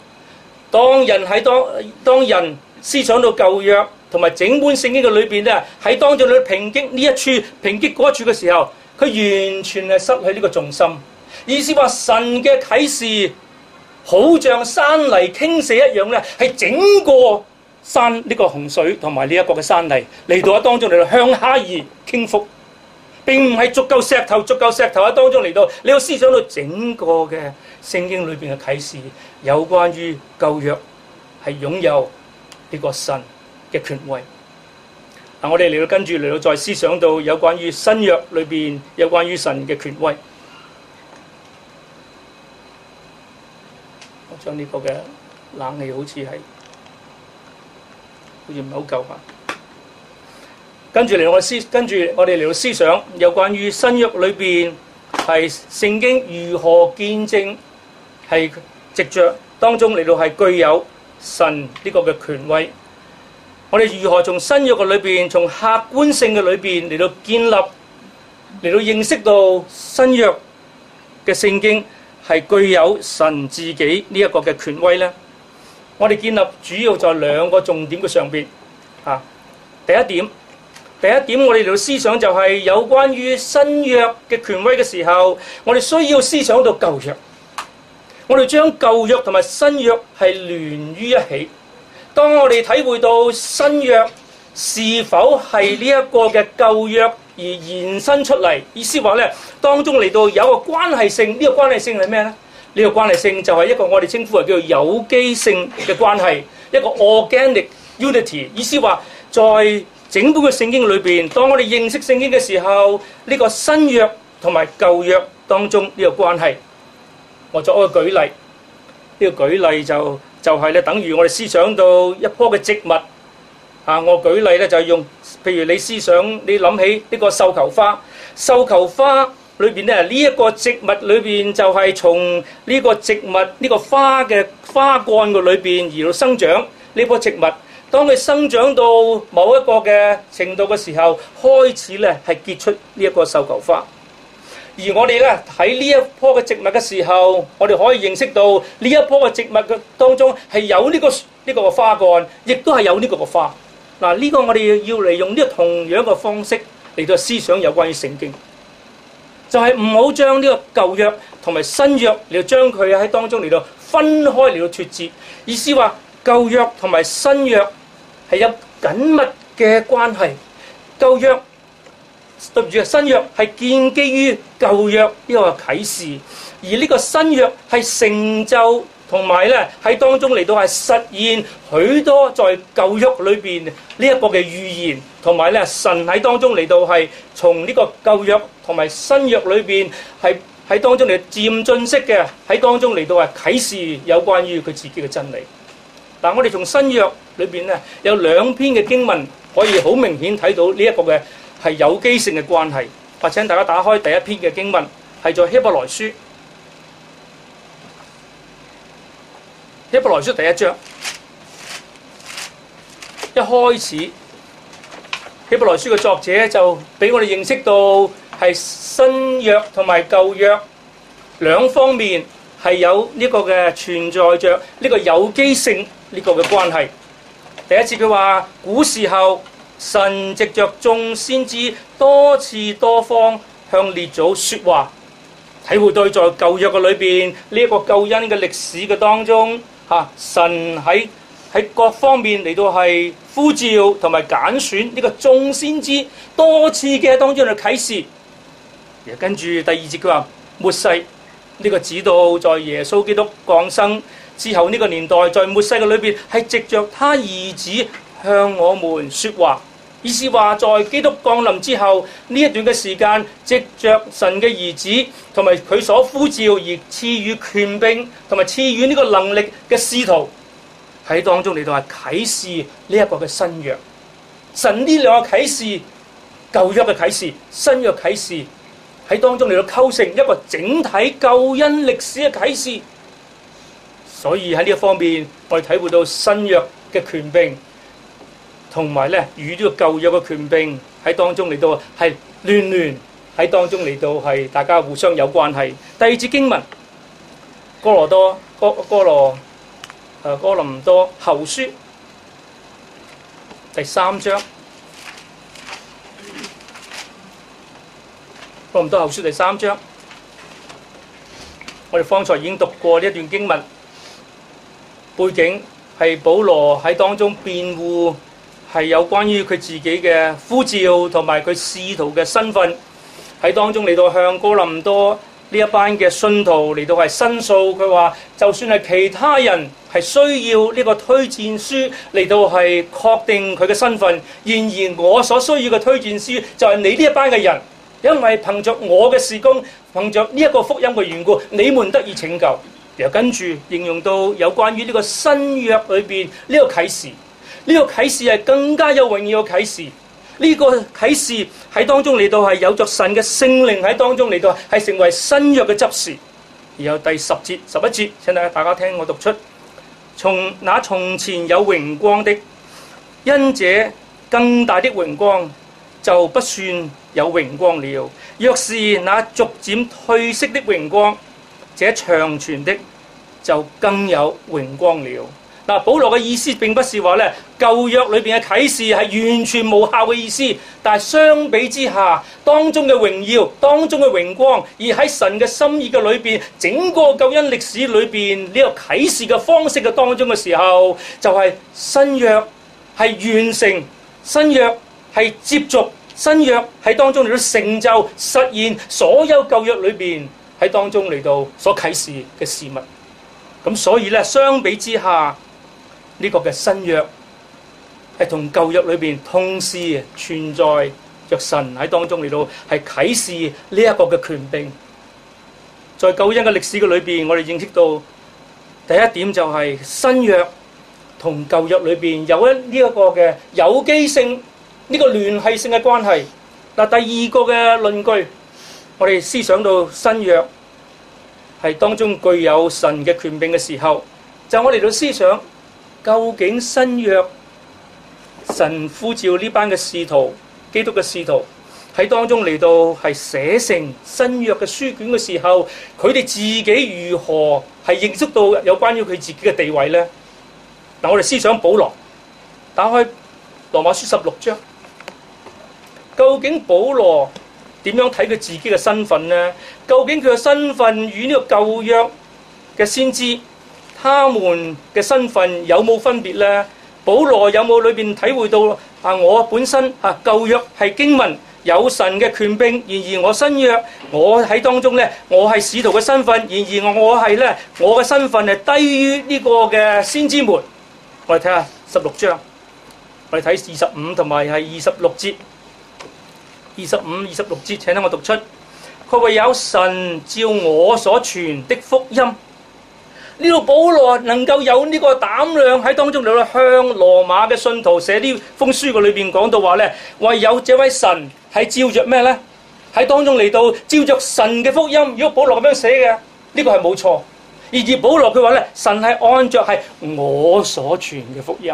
Speaker 1: 當人喺當當人思想到舊約同埋整本聖經嘅裏邊咧，喺當中嚟到抨擊呢一處、抨擊嗰一處嘅時候，佢完全係失去呢個重心。意思話神嘅啟示，好像山泥傾瀉一樣咧，係整個山呢個洪水同埋呢一個嘅山泥嚟到喺當中嚟到向下而傾覆，並唔係足夠石頭、足夠石頭喺當中嚟到。你要思想到整個嘅聖經裏邊嘅啟示。有關於舊約係擁有呢個神嘅權威，嗱、啊、我哋嚟到跟住嚟到再思想到有關於新約裏邊有關於神嘅權威。我將呢個嘅冷氣好似係好似唔係好夠吧？跟住嚟我思，跟住我哋嚟到思想有關於新約裏邊係聖經如何見證係。藉著當中嚟到係具有神呢個嘅權威，我哋如何從新約嘅裏邊，從客觀性嘅裏邊嚟到建立，嚟到認識到新約嘅聖經係具有神自己呢一個嘅權威咧？我哋建立主要在兩個重點嘅上邊嚇。第一點，第一點我哋嚟到思想就係有關於新約嘅權威嘅時候，我哋需要思想到舊約。我哋將舊約同埋新約係聯於一起。當我哋體會到新約是否係呢一個嘅舊約而延伸出嚟，意思話咧，當中嚟到有一個關係性，呢個關係性係咩咧？呢個關係性就係一個我哋稱呼為叫做有機性嘅關係，一個 organic unity。意思話，在整本嘅聖經裏面，當我哋認識聖經嘅時候，呢個新約同埋舊約當中呢個關係。我作一個舉例，呢個舉例就就係咧，等於我哋思想到一棵嘅植物，啊，我舉例咧就係用，譬如你思想，你諗起呢個繡球花，繡球花裏邊咧呢一個植物裏邊就係從呢個植物呢個花嘅花幹個裏邊而到生長呢棵植物，當佢生長到某一個嘅程度嘅時候，開始咧係結出呢一個繡球花。而我哋咧睇呢一樖嘅植物嘅時候，我哋可以認識到呢一樖嘅植物嘅當中係有呢、這個呢、這個花幹，亦都係有呢個嘅花。嗱，呢個我哋要嚟用呢個同樣嘅方式嚟到思想有關於聖經，就係唔好將呢個舊約同埋新約嚟到將佢喺當中嚟到分開嚟到脫節，意思話舊約同埋新約係有緊密嘅關係，舊約。對唔住，新約係建基於舊約呢個啟示，而呢個新約係成就同埋咧喺當中嚟到係實現許多在舊約裏邊呢一個嘅預言，同埋咧神喺當中嚟到係從呢個舊約同埋新約裏邊係喺當中嚟漸進式嘅喺當中嚟到係啟示有關於佢自己嘅真理。嗱，我哋從新約裏邊咧有兩篇嘅經文可以好明顯睇到呢一個嘅。係有機性嘅關係，或者大家打開第一篇嘅經文，係做希伯來書，希伯來書第一章一開始，希伯來書嘅作者就俾我哋認識到係新約同埋舊約兩方面係有呢個嘅存在着，呢個有機性呢個嘅關係。第一次佢話古時候。神藉着眾先知多次多方向列祖說話，體會到在舊約嘅裏邊呢一個救恩嘅歷史嘅當中，吓神喺喺各方面嚟到係呼召同埋揀選呢個眾先知多次嘅當中去啟示。跟住第二節佢話末世呢個指導在耶穌基督降生之後呢個年代，在末世嘅裏邊係藉着他兒子向我們說話。意思話，在基督降臨之後呢一段嘅時間，藉着神嘅兒子同埋佢所呼召而賜予權柄，同埋賜予呢個能力嘅使徒喺當中嚟到係啟示呢一個嘅新約，神呢兩個啟示，舊約嘅啟示，新約啟示喺當中嚟到構成一個整體救恩歷史嘅啟示，所以喺呢一方面，我哋體會到新約嘅權柄。同埋呢，與呢個舊約嘅權柄喺當中嚟到係亂亂喺當中嚟到係大家互相有關係。第二節經文，《哥羅多》《哥哥羅》誒《哥林多》後書第三章，哥林多後書第三章。我哋方才已經讀過呢一段經文，背景係保羅喺當中辯護。係有關於佢自己嘅呼召同埋佢仕途嘅身份喺當中嚟到向哥林多呢一班嘅信徒嚟到係申訴，佢話就算係其他人係需要呢個推薦書嚟到係確定佢嘅身份，然而我所需要嘅推薦書就係你呢一班嘅人，因為憑着我嘅事工，憑着呢一個福音嘅緣故，你們得以拯救。然後跟住形容到有關於呢個新約裏邊呢個啟示。呢個啟示係更加有榮耀嘅啟示，呢、這個啟示喺當中嚟到係有着神嘅聖靈喺當中嚟到，係成為新約嘅執事。然後第十節、十一節，請大家大家聽我讀出：從那從前有榮光的，因這更大的榮光就不算有榮光了；若是那逐漸褪色的榮光，這長存的就更有榮光了。嗱，保羅嘅意思並不是話咧舊約裏邊嘅啟示係完全無效嘅意思，但係相比之下，當中嘅榮耀、當中嘅榮光，而喺神嘅心意嘅裏邊整個救恩歷史裏邊呢、這個啟示嘅方式嘅當中嘅時候，就係、是、新約係完成，新約係接續，新約喺當中嚟到成就實現所有舊約裏邊喺當中嚟到所啟示嘅事物。咁所以咧，相比之下，呢個嘅新約係同舊約裏邊同時存在著神喺當中嚟到，係啟示呢一個嘅權柄。在舊約嘅歷史嘅裏邊，我哋認識到第一點就係新約同舊約裏邊有一呢一個嘅有機性呢個聯繫性嘅關係。嗱，第二個嘅論據，我哋思想到新約係當中具有神嘅權柄嘅時候，就我哋到思想。究竟新約神呼召呢班嘅使徒，基督嘅使徒喺當中嚟到，係寫成新約嘅書卷嘅時候，佢哋自己如何係認識到有關於佢自己嘅地位呢？嗱，我哋思想保羅，打開羅馬書十六章，究竟保羅點樣睇佢自己嘅身份呢？究竟佢嘅身份與呢個舊約嘅先知？他們嘅身份有冇分別呢？保羅有冇裏面體會到啊？我本身啊，舊約係經文有神嘅權柄，然而我新約我喺當中呢，我係使徒嘅身份，然而我係呢，我嘅身份係低於呢個嘅先知們。我哋睇下十六章，我哋睇二十五同埋係二十六節，二十五二十六節，請等我讀出，惟有有神照我所傳的福音。呢度保羅能夠有呢個膽量喺當中嚟到向羅馬嘅信徒寫呢封書嘅裏面講到話呢，唯有這位神係照着咩呢？喺當中嚟到照着神嘅福音。如果保羅咁樣寫嘅呢，這個係冇錯。而保羅嘅話呢，神係按着係我所傳嘅福音，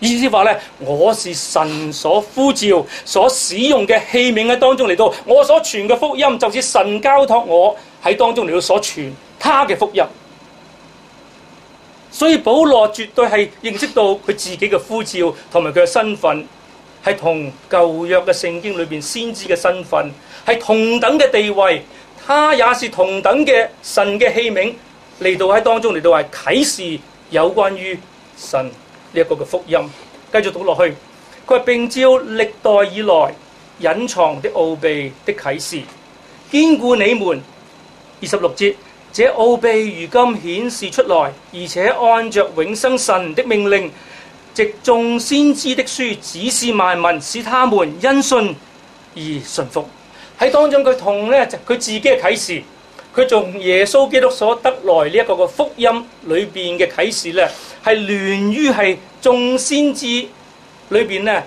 Speaker 1: 意思話呢，我係神所呼召、所使用嘅器皿喺當中嚟到，我所傳嘅福音就是神交託我喺當中嚟到所傳他嘅福音。所以保羅絕對係認識到佢自己嘅呼召，同埋佢嘅身份係同舊約嘅聖經裏面先知嘅身份係同等嘅地位，他也是同等嘅神嘅器皿嚟到喺當中嚟到，係啟示有關於神呢個嘅福音。繼續讀落去，佢係並照歷代以來隱藏的奧秘的啟示，堅固你們，二十六節。這奧秘如今顯示出來，而且按着永生神的命令，藉眾先知的書指示萬民，使他們因信而信服。喺當中佢同咧，佢自己嘅啟示，佢從耶穌基督所得來呢一個福音裏面嘅啟示呢，係聯於係眾先知裏面呢，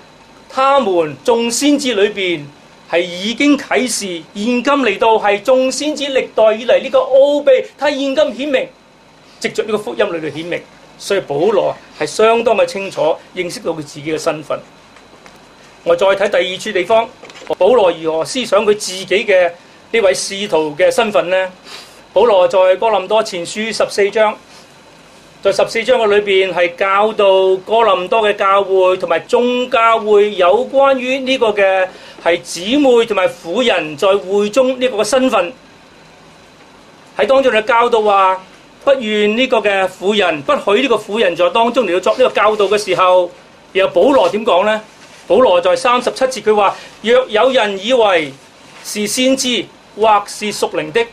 Speaker 1: 他們眾先知裏面。係已經啟示，現今嚟到係眾先子歷代以嚟呢個奧秘，睇現今顯明，藉著呢個福音裏面顯明，所以保羅係相當嘅清楚認識到佢自己嘅身份。我再睇第二處地方，保羅如何思想佢自己嘅呢位使徒嘅身份呢？保羅在哥林多前書十四章，在十四章嘅裏邊係教導哥林多嘅教會同埋眾教會有關於呢個嘅。係姊妹同埋婦人在會中呢個身份，喺當中嘅教導話不願呢個嘅婦人，不許呢個婦人在當中嚟到作呢個教導嘅時候，然後保羅點講咧？保羅在三十七節佢話：若有人以為是先知或是屬靈的，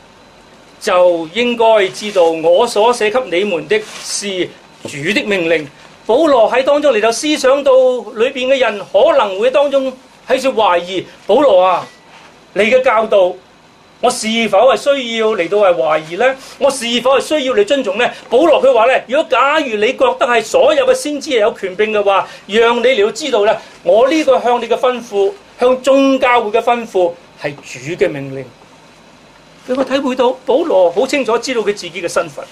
Speaker 1: 就應該知道我所寫給你們的是主的命令。保羅喺當中嚟到思想到裏邊嘅人可能會當中。喺度懷疑，保羅啊，你嘅教導，我是否係需要嚟到係懷疑咧？我是否係需要你尊重咧？保羅佢話咧：如果假如你覺得係所有嘅先知係有權柄嘅話，讓你嚟到知道咧，我呢個向你嘅吩咐，向宗教會眾教會嘅吩咐係主嘅命令。你有冇體會到？保羅好清楚知道佢自己嘅身份。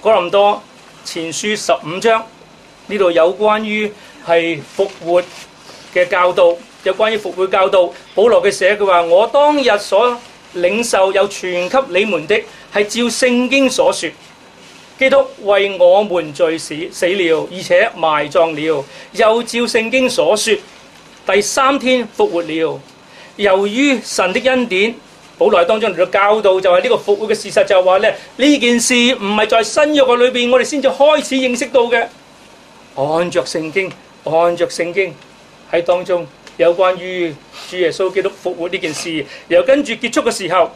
Speaker 1: 哥林多前書十五章呢度有關於係復活。嘅教導有關於復活教導，保羅嘅寫佢話：我當日所領受有傳給你們的，係照聖經所説，基督為我們罪死死了，而且埋葬了，又照聖經所説，第三天復活了。由於神的恩典，保羅當中嚟到教導就係、是、呢個復活嘅事實就，就係話咧呢件事唔係在新約嘅裏邊，我哋先至開始認識到嘅。按着聖經，按着聖經。喺當中有關於主耶穌基督復活呢件事，然後跟住結束嘅時候，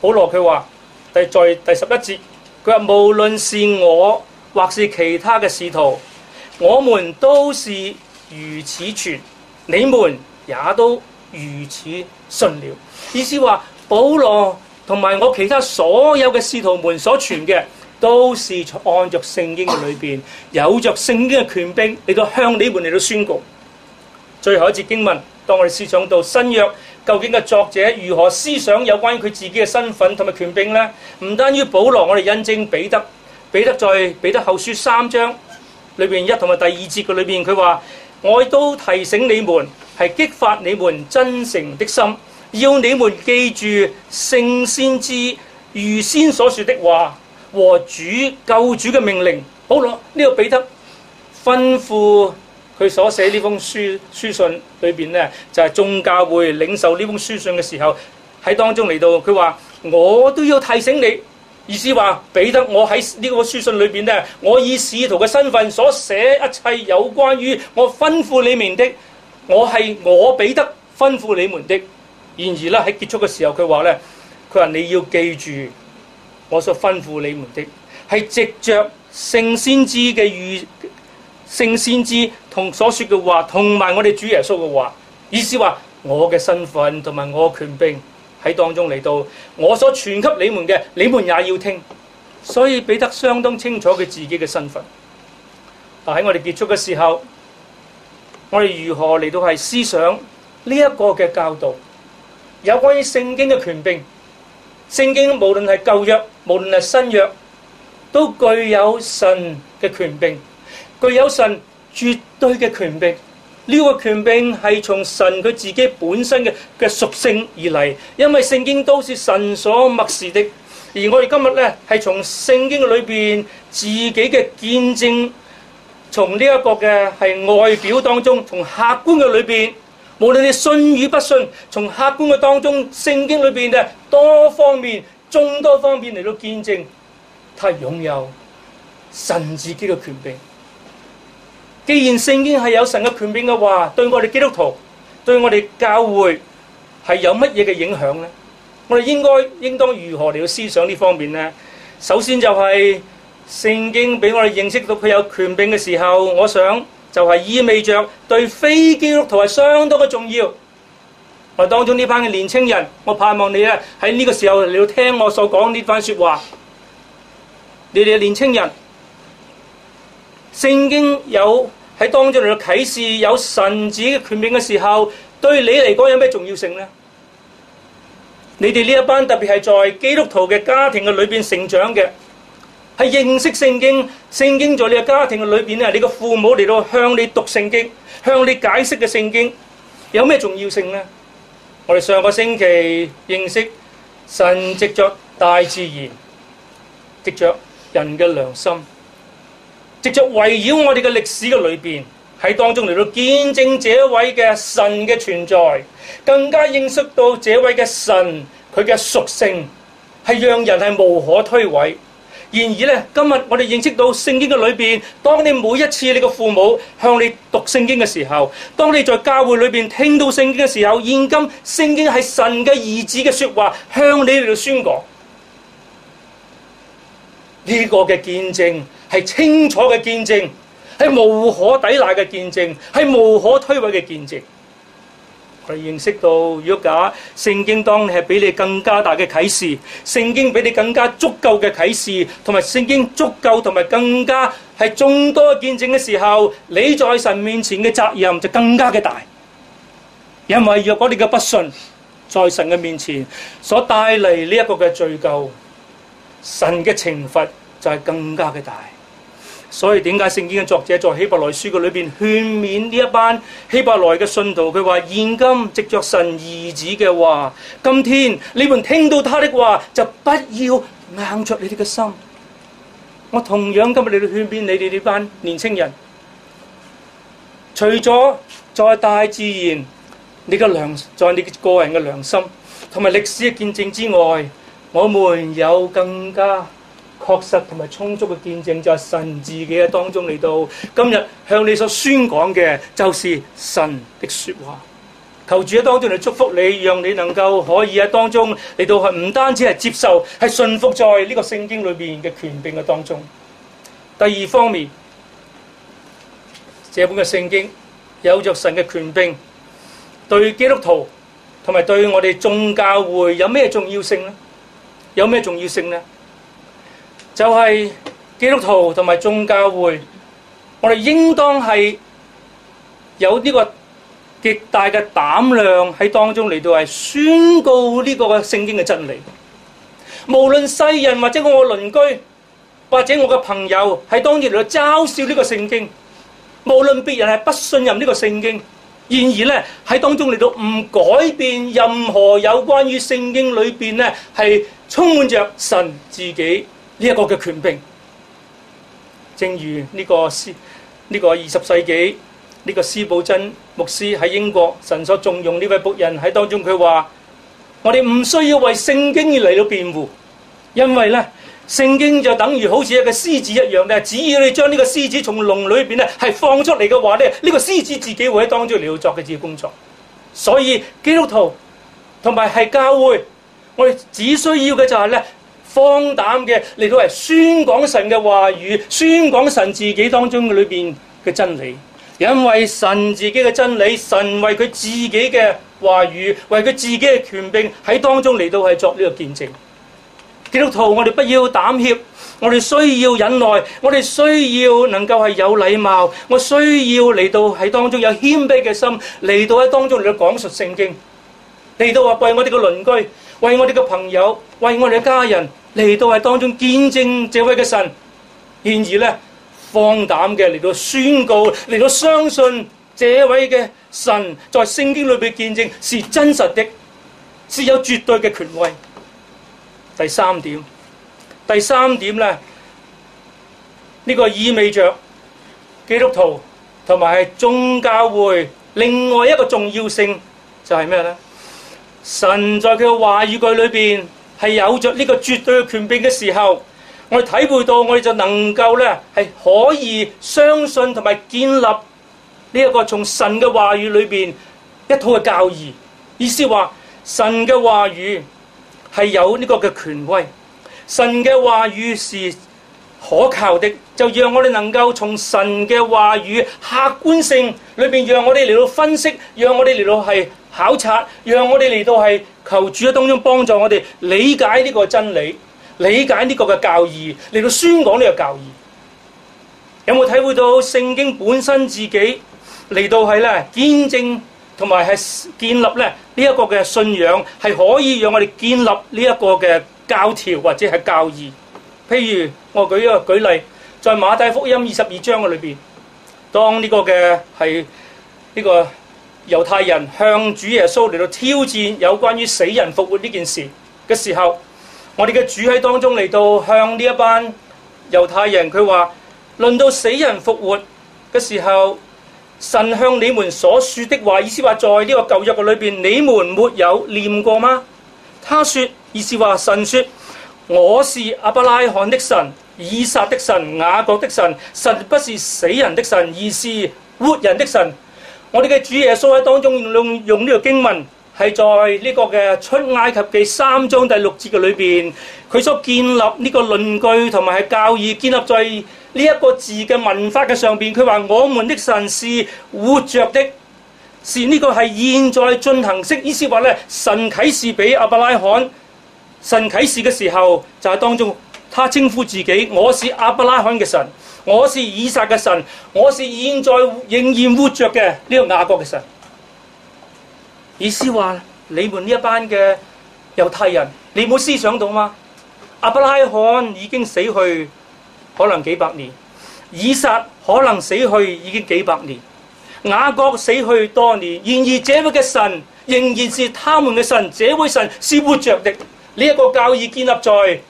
Speaker 1: 保羅佢話，第在第十一節，佢話無論是我或是其他嘅使徒，我們都是如此傳，你們也都如此信了。意思話保羅同埋我其他所有嘅使徒們所傳嘅，都是按着聖經嘅裏邊，有着聖經嘅權柄，嚟到向你們嚟到宣告。最後一節經文，當我哋思想到新約究竟嘅作者如何思想有關於佢自己嘅身份同埋權柄呢？唔單於保羅，我哋印證彼得，彼得在彼得後書三章裏面一同埋第二節嘅裏邊，佢話：我都提醒你們，係激發你們真誠的心，要你們記住聖先知預先所說的話和主救主嘅命令。好啦，呢、這個彼得吩咐。佢所寫呢封書書信裏邊咧，就係、是、眾教會領受呢封書信嘅時候喺當中嚟到，佢話，我都要提醒你，意思話彼得我喺呢個書信裏邊咧，我以使徒嘅身份所寫一切有關於我吩咐裏面的，我係我彼得吩咐你們的。然而咧，喺結束嘅時候，佢話咧，佢話你要記住我所吩咐你們的，係藉着聖先知嘅預聖先知。同所說嘅話，同埋我哋主耶穌嘅話，意思話我嘅身份同埋我權柄喺當中嚟到，我所傳給你們嘅，你們也要聽。所以彼得相當清楚佢自己嘅身份。啊，喺我哋結束嘅時候，我哋如何嚟到係思想呢一個嘅教導，有關於聖經嘅權柄。聖經無論係舊約，無論係新約，都具有神嘅權柄，具有神。絕對嘅權柄，呢個權柄係從神佢自己本身嘅嘅屬性而嚟，因為聖經都是神所默示的，而我哋今日咧，係從聖經嘅裏邊自己嘅見證，從呢一個嘅係外表當中，從客觀嘅裏邊，無論你信與不信，從客觀嘅當中，聖經裏邊嘅多方面、眾多方面嚟到見證，他擁有神自己嘅權柄。既然聖經係有神嘅權柄嘅話，對我哋基督徒，對我哋教會係有乜嘢嘅影響咧？我哋應該應當如何嚟到思想呢方面咧？首先就係聖經俾我哋認識到佢有權柄嘅時候，我想就係意味着對非基督徒係相當嘅重要。我當中呢班嘅年青人，我盼望你咧喺呢個時候嚟到聽我所講呢番說話。你哋嘅年青人，聖經有。喺當中嚟到啟示有神子嘅權柄嘅時候，對你嚟講有咩重要性呢？你哋呢一班特別係在基督徒嘅家庭嘅裏面成長嘅，係認識聖經，聖經在你嘅家庭嘅裏面啊，你嘅父母嚟到向你讀聖經，向你解釋嘅聖經有咩重要性呢？我哋上個星期認識神藉著大自然，藉著人嘅良心。繼續圍繞我哋嘅歷史嘅裏邊，喺當中嚟到見證這位嘅神嘅存在，更加認識到這位嘅神佢嘅屬性係讓人係無可推諉。然而呢，今日我哋認識到聖經嘅裏邊，當你每一次你嘅父母向你讀聖經嘅時候，當你在教會裏邊聽到聖經嘅時候，現今聖經係神嘅兒子嘅說話向你哋嚟宣講。呢個嘅見證係清楚嘅見證，係無可抵賴嘅見證，係無可推諉嘅見證。佢認識到如果假，聖經當係俾你更加大嘅啟示，聖經俾你更加足夠嘅啟示，同埋聖經足夠同埋更加係眾多見證嘅時候，你在神面前嘅責任就更加嘅大。因為若果你嘅不信，在神嘅面前所帶嚟呢一個嘅罪咎。神嘅懲罰就係更加嘅大，所以點解聖經嘅作者在希伯來書嘅裏邊勸勉呢一班希伯來嘅信徒？佢話：現今藉着神兒子嘅話，今天你們聽到他的話，就不要硬着你哋嘅心。我同樣今日嚟到勸勉你哋呢班年輕人，除咗在大自然、你嘅良、在你個人嘅良心同埋歷史嘅見證之外。我們有更加確實同埋充足嘅見證，就係神自己喺當中嚟到。今日向你所宣講嘅就是神的説話，求主喺當中嚟祝福你，讓你能夠可以喺當中嚟到係唔單止係接受，係信服在呢個聖經裏面嘅權柄嘅當中。第二方面，這本嘅聖經有着神嘅權柄，對基督徒同埋對我哋眾教會有咩重要性呢？有咩重要性呢？就係基督徒同埋眾教會，我哋應當係有呢個極大嘅膽量喺當中嚟到，係宣告呢個嘅聖經嘅真理。無論世人或者我鄰居或者我嘅朋友，係當面嚟嘲笑呢個聖經，無論別人係不信任呢個聖經。然而咧，喺當中嚟到唔改變任何有關於聖經裏邊咧，係充滿着神自己呢一個嘅權柄。正如呢、這個這個這個斯呢個二十世紀呢個司布真牧師，喺英國神所重用呢位僕人，喺當中佢話：我哋唔需要為聖經而嚟到辯護，因為呢。」聖經就等於好似一個獅子一樣咧，只要你將呢個獅子從籠裏面係放出嚟嘅話咧，呢個獅子自己會喺當中嚟到作嘅啲工作。所以基督徒同埋係教會，我哋只需要嘅就係呢：放膽嘅嚟到係宣講神嘅話語，宣講神自己當中裏面嘅真理。因為神自己嘅真理，神為佢自己嘅話語，為佢自己嘅權柄喺當中嚟到係作呢個見證。基督徒，我哋不要膽怯，我哋需要忍耐，我哋需要能夠係有禮貌，我需要嚟到喺當中有謙卑嘅心，嚟到喺當中嚟到講述聖經，嚟到話為我哋嘅鄰居，為我哋嘅朋友，為我哋嘅家人，嚟到喺當中見證這位嘅神，然而咧，放膽嘅嚟到宣告，嚟到相信這位嘅神在聖經裏邊見證是真實的，是有絕對嘅權威。第三點，第三點咧，呢個意味着基督徒同埋眾教會另外一個重要性就係咩咧？神在佢嘅話語句裏邊係有着呢個絕對嘅權柄嘅時候，我哋體會到我哋就能夠咧係可以相信同埋建立呢一個從神嘅話語裏邊一套嘅教義，意思話神嘅話語。係有呢個嘅權威，神嘅話語是可靠的，就讓我哋能夠從神嘅話語客觀性裏邊，讓我哋嚟到分析，讓我哋嚟到係考察，讓我哋嚟到係求主喺當中幫助我哋理解呢個真理，理解呢個嘅教義，嚟到宣講呢個教義。有冇體會到聖經本身自己嚟到係咧見證？同埋係建立咧呢一個嘅信仰，係可以讓我哋建立呢一個嘅教條或者係教義。譬如我舉一個舉例，在馬太福音二十二章嘅裏邊，當呢個嘅係呢個猶太人向主耶穌嚟到挑戰有關於死人復活呢件事嘅時候，我哋嘅主喺當中嚟到向呢一班猶太人，佢話：「論到死人復活嘅時候。神向你們所説的話，意思話在呢個舊約嘅裏邊，你們沒有念過嗎？他説，意思話神説：我是阿伯拉罕的神、以撒的神、雅各的神。神不是死人的神，而是活人的神。我哋嘅主耶穌喺當中用用呢個經文，係在呢個嘅出埃及記三章第六節嘅裏邊，佢所建立呢個論據同埋係教義建立在呢一個字嘅文法嘅上邊，佢話我們的神是活着的，是呢個係現在進行式，意思話咧神啟示俾亞伯拉罕，神啟示嘅時候就係、是、當中，他稱呼自己我是亞伯拉罕嘅神，我是以撒嘅神，我是現在仍然活着嘅呢、這個雅各嘅神，意思話你們呢一班嘅猶太人，你冇思想到嗎？亞伯拉罕已經死去。可能幾百年，以撒可能死去已經幾百年，雅各死去多年，然而這位嘅神仍然是他們嘅神。這位神是活着的。呢、這、一個教義建立在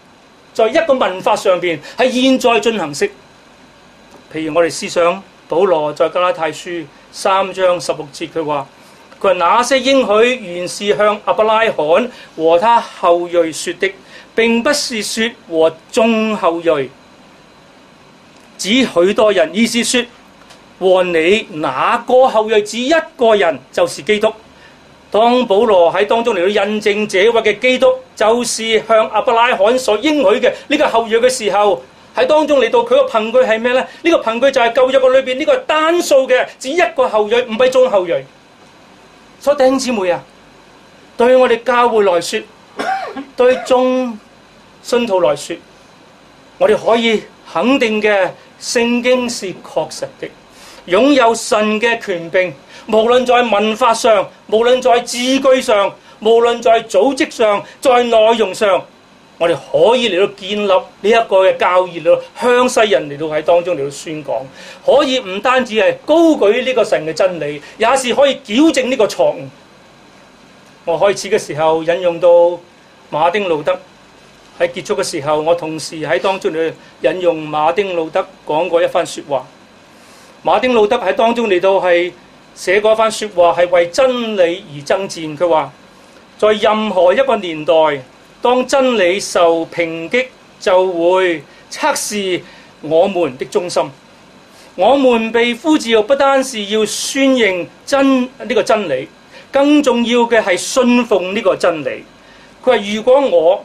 Speaker 1: 在一個文化上邊，喺現在進行式。譬如我哋思想，保羅在加拉太書三章十六節，佢話：佢話那些應許原是向亞伯拉罕和他後裔説的，並不是説和眾後裔。指許多人，意思說和你哪個後裔指一個人，就是基督。當保羅喺當中嚟到印證呢位嘅基督就是向亞伯拉罕所應許嘅呢個後裔嘅時候，喺當中嚟到佢個憑據係咩咧？呢個憑據就係舊約嘅裏邊呢個單數嘅，指一個後裔，唔係眾後裔。所以弟兄姊妹啊，對我哋教會來說，對眾信徒來說，我哋可以。肯定嘅聖經是確實的，擁有神嘅權柄，無論在文法上，無論在字句上，無論在組織上，在內容上，我哋可以嚟到建立呢一個嘅教義咯，嚟到向世人嚟到喺當中嚟到宣講，可以唔單止係高舉呢個神嘅真理，也是可以矯正呢個錯誤。我開始嘅時候引用到馬丁路德。喺結束嘅時候，我同時喺當中嚟引用馬丁路德講過一番説話。馬丁路德喺當中嚟到係寫過一番説話，係為真理而爭戰。佢話，在任何一個年代，當真理受抨擊，就會測試我們的忠心。我們被呼召不單是要宣認真呢個真理，更重要嘅係信奉呢個真理。佢話：如果我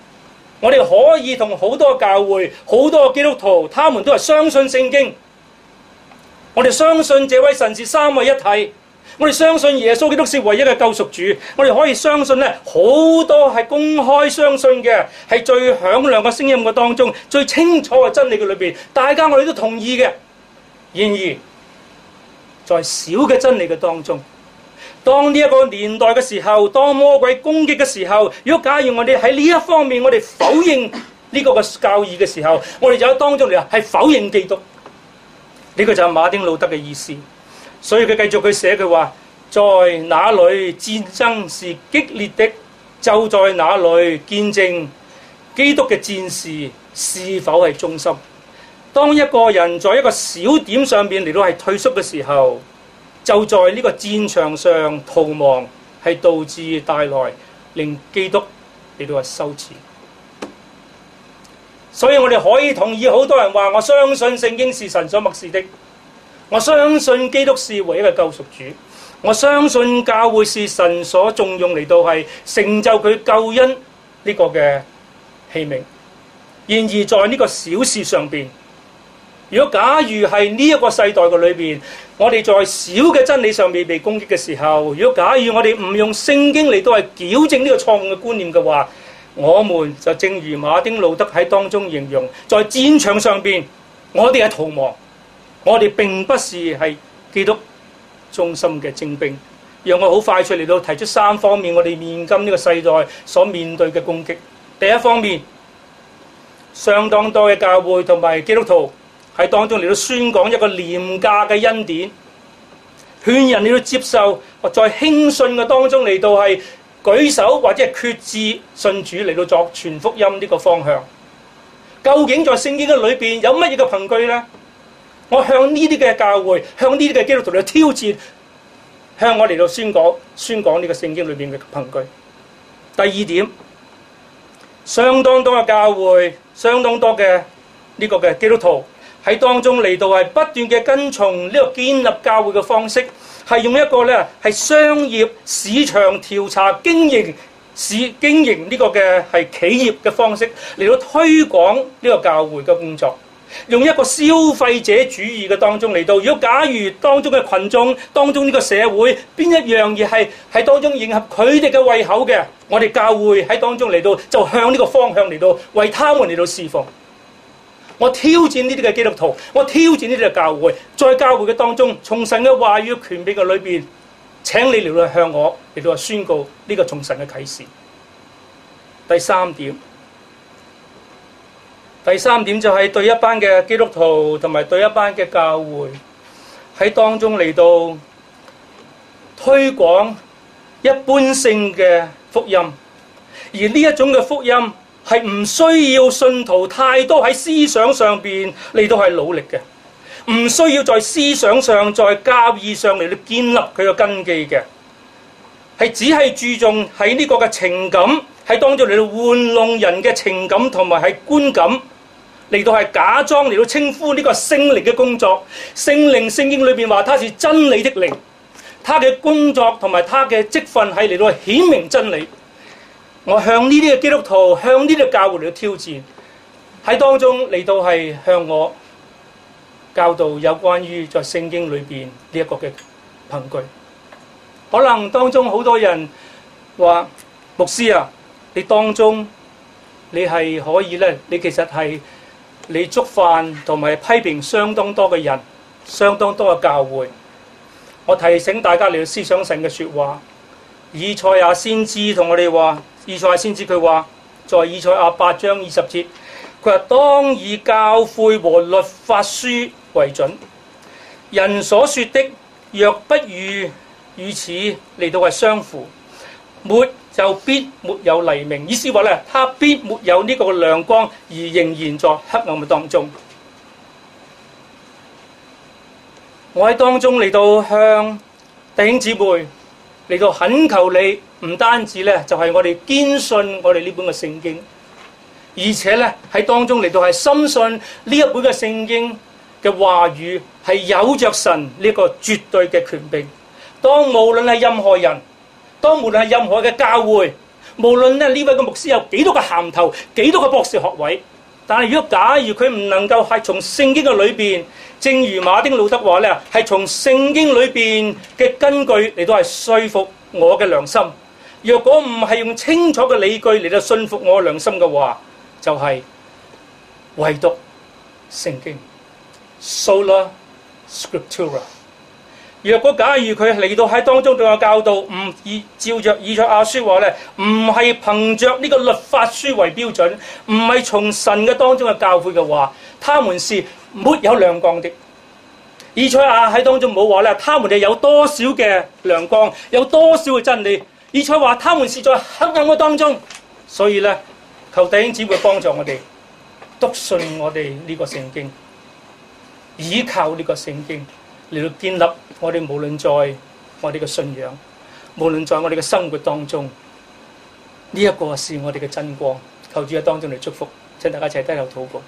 Speaker 1: 我哋可以同好多教會、好多基督徒，佢哋都係相信聖經。我哋相信這位神是三位一體，我哋相信耶穌基督是唯一嘅救贖主。我哋可以相信咧，好多係公開相信嘅，係最響亮嘅聲音嘅當中，最清楚嘅真理嘅裏面。大家我哋都同意嘅。然而，在小嘅真理嘅當中。當呢一個年代嘅時候，當魔鬼攻擊嘅時候，如果假如我哋喺呢一方面，我哋否認呢個嘅教義嘅時候，我哋就喺當中嚟啊，係否認基督。呢、這個就係馬丁路德嘅意思。所以佢繼續佢寫佢話：在哪裏戰爭是激烈的，就在哪裏見證基督嘅戰士是否係忠心。當一個人在一個小點上邊嚟到係退縮嘅時候。就在呢個戰場上逃亡，係導致帶來令基督你都係羞恥。所以我哋可以同意，好多人話我相信聖經是神所默示的，我相信基督是唯一嘅救贖主，我相信教會是神所重用嚟到係成就佢救恩呢個嘅器皿。然而在呢個小事上邊，如果假如係呢一個世代嘅裏邊。我哋在小嘅真理上未被攻擊嘅時候，如果假如我哋唔用聖經嚟到係矯正呢個錯誤嘅觀念嘅話，我們就正如馬丁路德喺當中形容，在戰場上邊，我哋係逃亡，我哋並不是係基督中心嘅精兵。讓我好快脆嚟到提出三方面我哋現今呢個世代所面對嘅攻擊。第一方面，相當多嘅教會同埋基督徒。喺當中嚟到宣講一個廉價嘅恩典，勸人要接受或在輕信嘅當中嚟到係舉手或者係決志信主嚟到作全福音呢個方向。究竟在聖經嘅裏邊有乜嘢嘅憑據咧？我向呢啲嘅教會，向呢啲嘅基督徒嚟挑戰，向我嚟到宣講宣講呢個聖經裏邊嘅憑據。第二點，相當多嘅教會，相當多嘅呢個嘅基督徒。喺當中嚟到係不斷嘅跟從呢個建立教會嘅方式，係用一個咧係商業市場調查經營市經營呢個嘅係企業嘅方式嚟到推廣呢個教會嘅工作，用一個消費者主義嘅當中嚟到。如果假如當中嘅群眾當中呢個社會邊一樣嘢係喺當中迎合佢哋嘅胃口嘅，我哋教會喺當中嚟到就向呢個方向嚟到為他們嚟到侍奉。我挑戰呢啲嘅基督徒，我挑戰呢啲嘅教會，在教會嘅當中，從神嘅話語權柄嘅裏面，請你嚟到向我嚟到宣告呢個從神嘅啟示。第三點，第三點就係對一班嘅基督徒同埋對一班嘅教會喺當中嚟到推廣一般性嘅福音，而呢一種嘅福音。係唔需要信徒太多喺思想上邊嚟到係努力嘅，唔需要在思想上、在教義上嚟到建立佢個根基嘅，係只係注重喺呢個嘅情感，係當作嚟到玩弄人嘅情感同埋係觀感嚟到係假裝嚟到稱呼呢個聖靈嘅工作。聖靈聖經裏邊話他是真理的靈，他嘅工作同埋他嘅職分係嚟到顯明真理。我向呢啲嘅基督徒，向呢啲教會嚟到挑戰。喺當中嚟到係向我教導有關於在聖經裏邊呢一個嘅憑據。可能當中好多人話牧師啊，你當中你係可以咧，你其實係你觸犯同埋批評相當多嘅人，相當多嘅教會。我提醒大家你要思想性嘅說話，以賽亞先知同我哋話。以賽亞先知佢話，在以賽亞八章二十節，佢話當以教會和律法書為準。人所說的若不如與此嚟到係相符，沒就必沒有黎明。意思話咧，他必沒有呢個亮光，而仍然在黑暗嘅當中。我喺當中嚟到向弟兄姊妹嚟到懇求你。唔單止咧，就係、是、我哋堅信我哋呢本嘅聖經，而且咧喺當中嚟到係深信呢一本嘅聖經嘅話語係有着神呢個絕對嘅權柄。當無論係任何人，當無論係任何嘅教會，無論咧呢這位嘅牧師有幾多少個銜頭，幾多少個博士學位，但係如果假如佢唔能夠係從聖經嘅裏面，正如馬丁路德話咧，係從聖經裏面嘅根據嚟到係説服我嘅良心。若果唔係用清楚嘅理據嚟到信服我的良心嘅話，就係、是、唯獨聖經。Sola Scriptura，若果假如佢嚟到當中對我教導，唔以照着以賽亞書說話咧，唔係憑着呢個律法書為標準，唔係從神嘅當中嘅教誨嘅話，他們是沒有亮光的。以賽亞喺當中冇話咧，他們哋有多少嘅亮光，有多少嘅真理。而且話，他們是在黑暗嘅當中，所以呢，求弟兄姊妹幫助我哋篤信我哋呢個聖經，依靠呢個聖經嚟到建立我哋無論在我哋嘅信仰，無論在我哋嘅生活當中，呢一個是我哋嘅真光。求主喺當中嚟祝福，請大家一齊低頭禱告。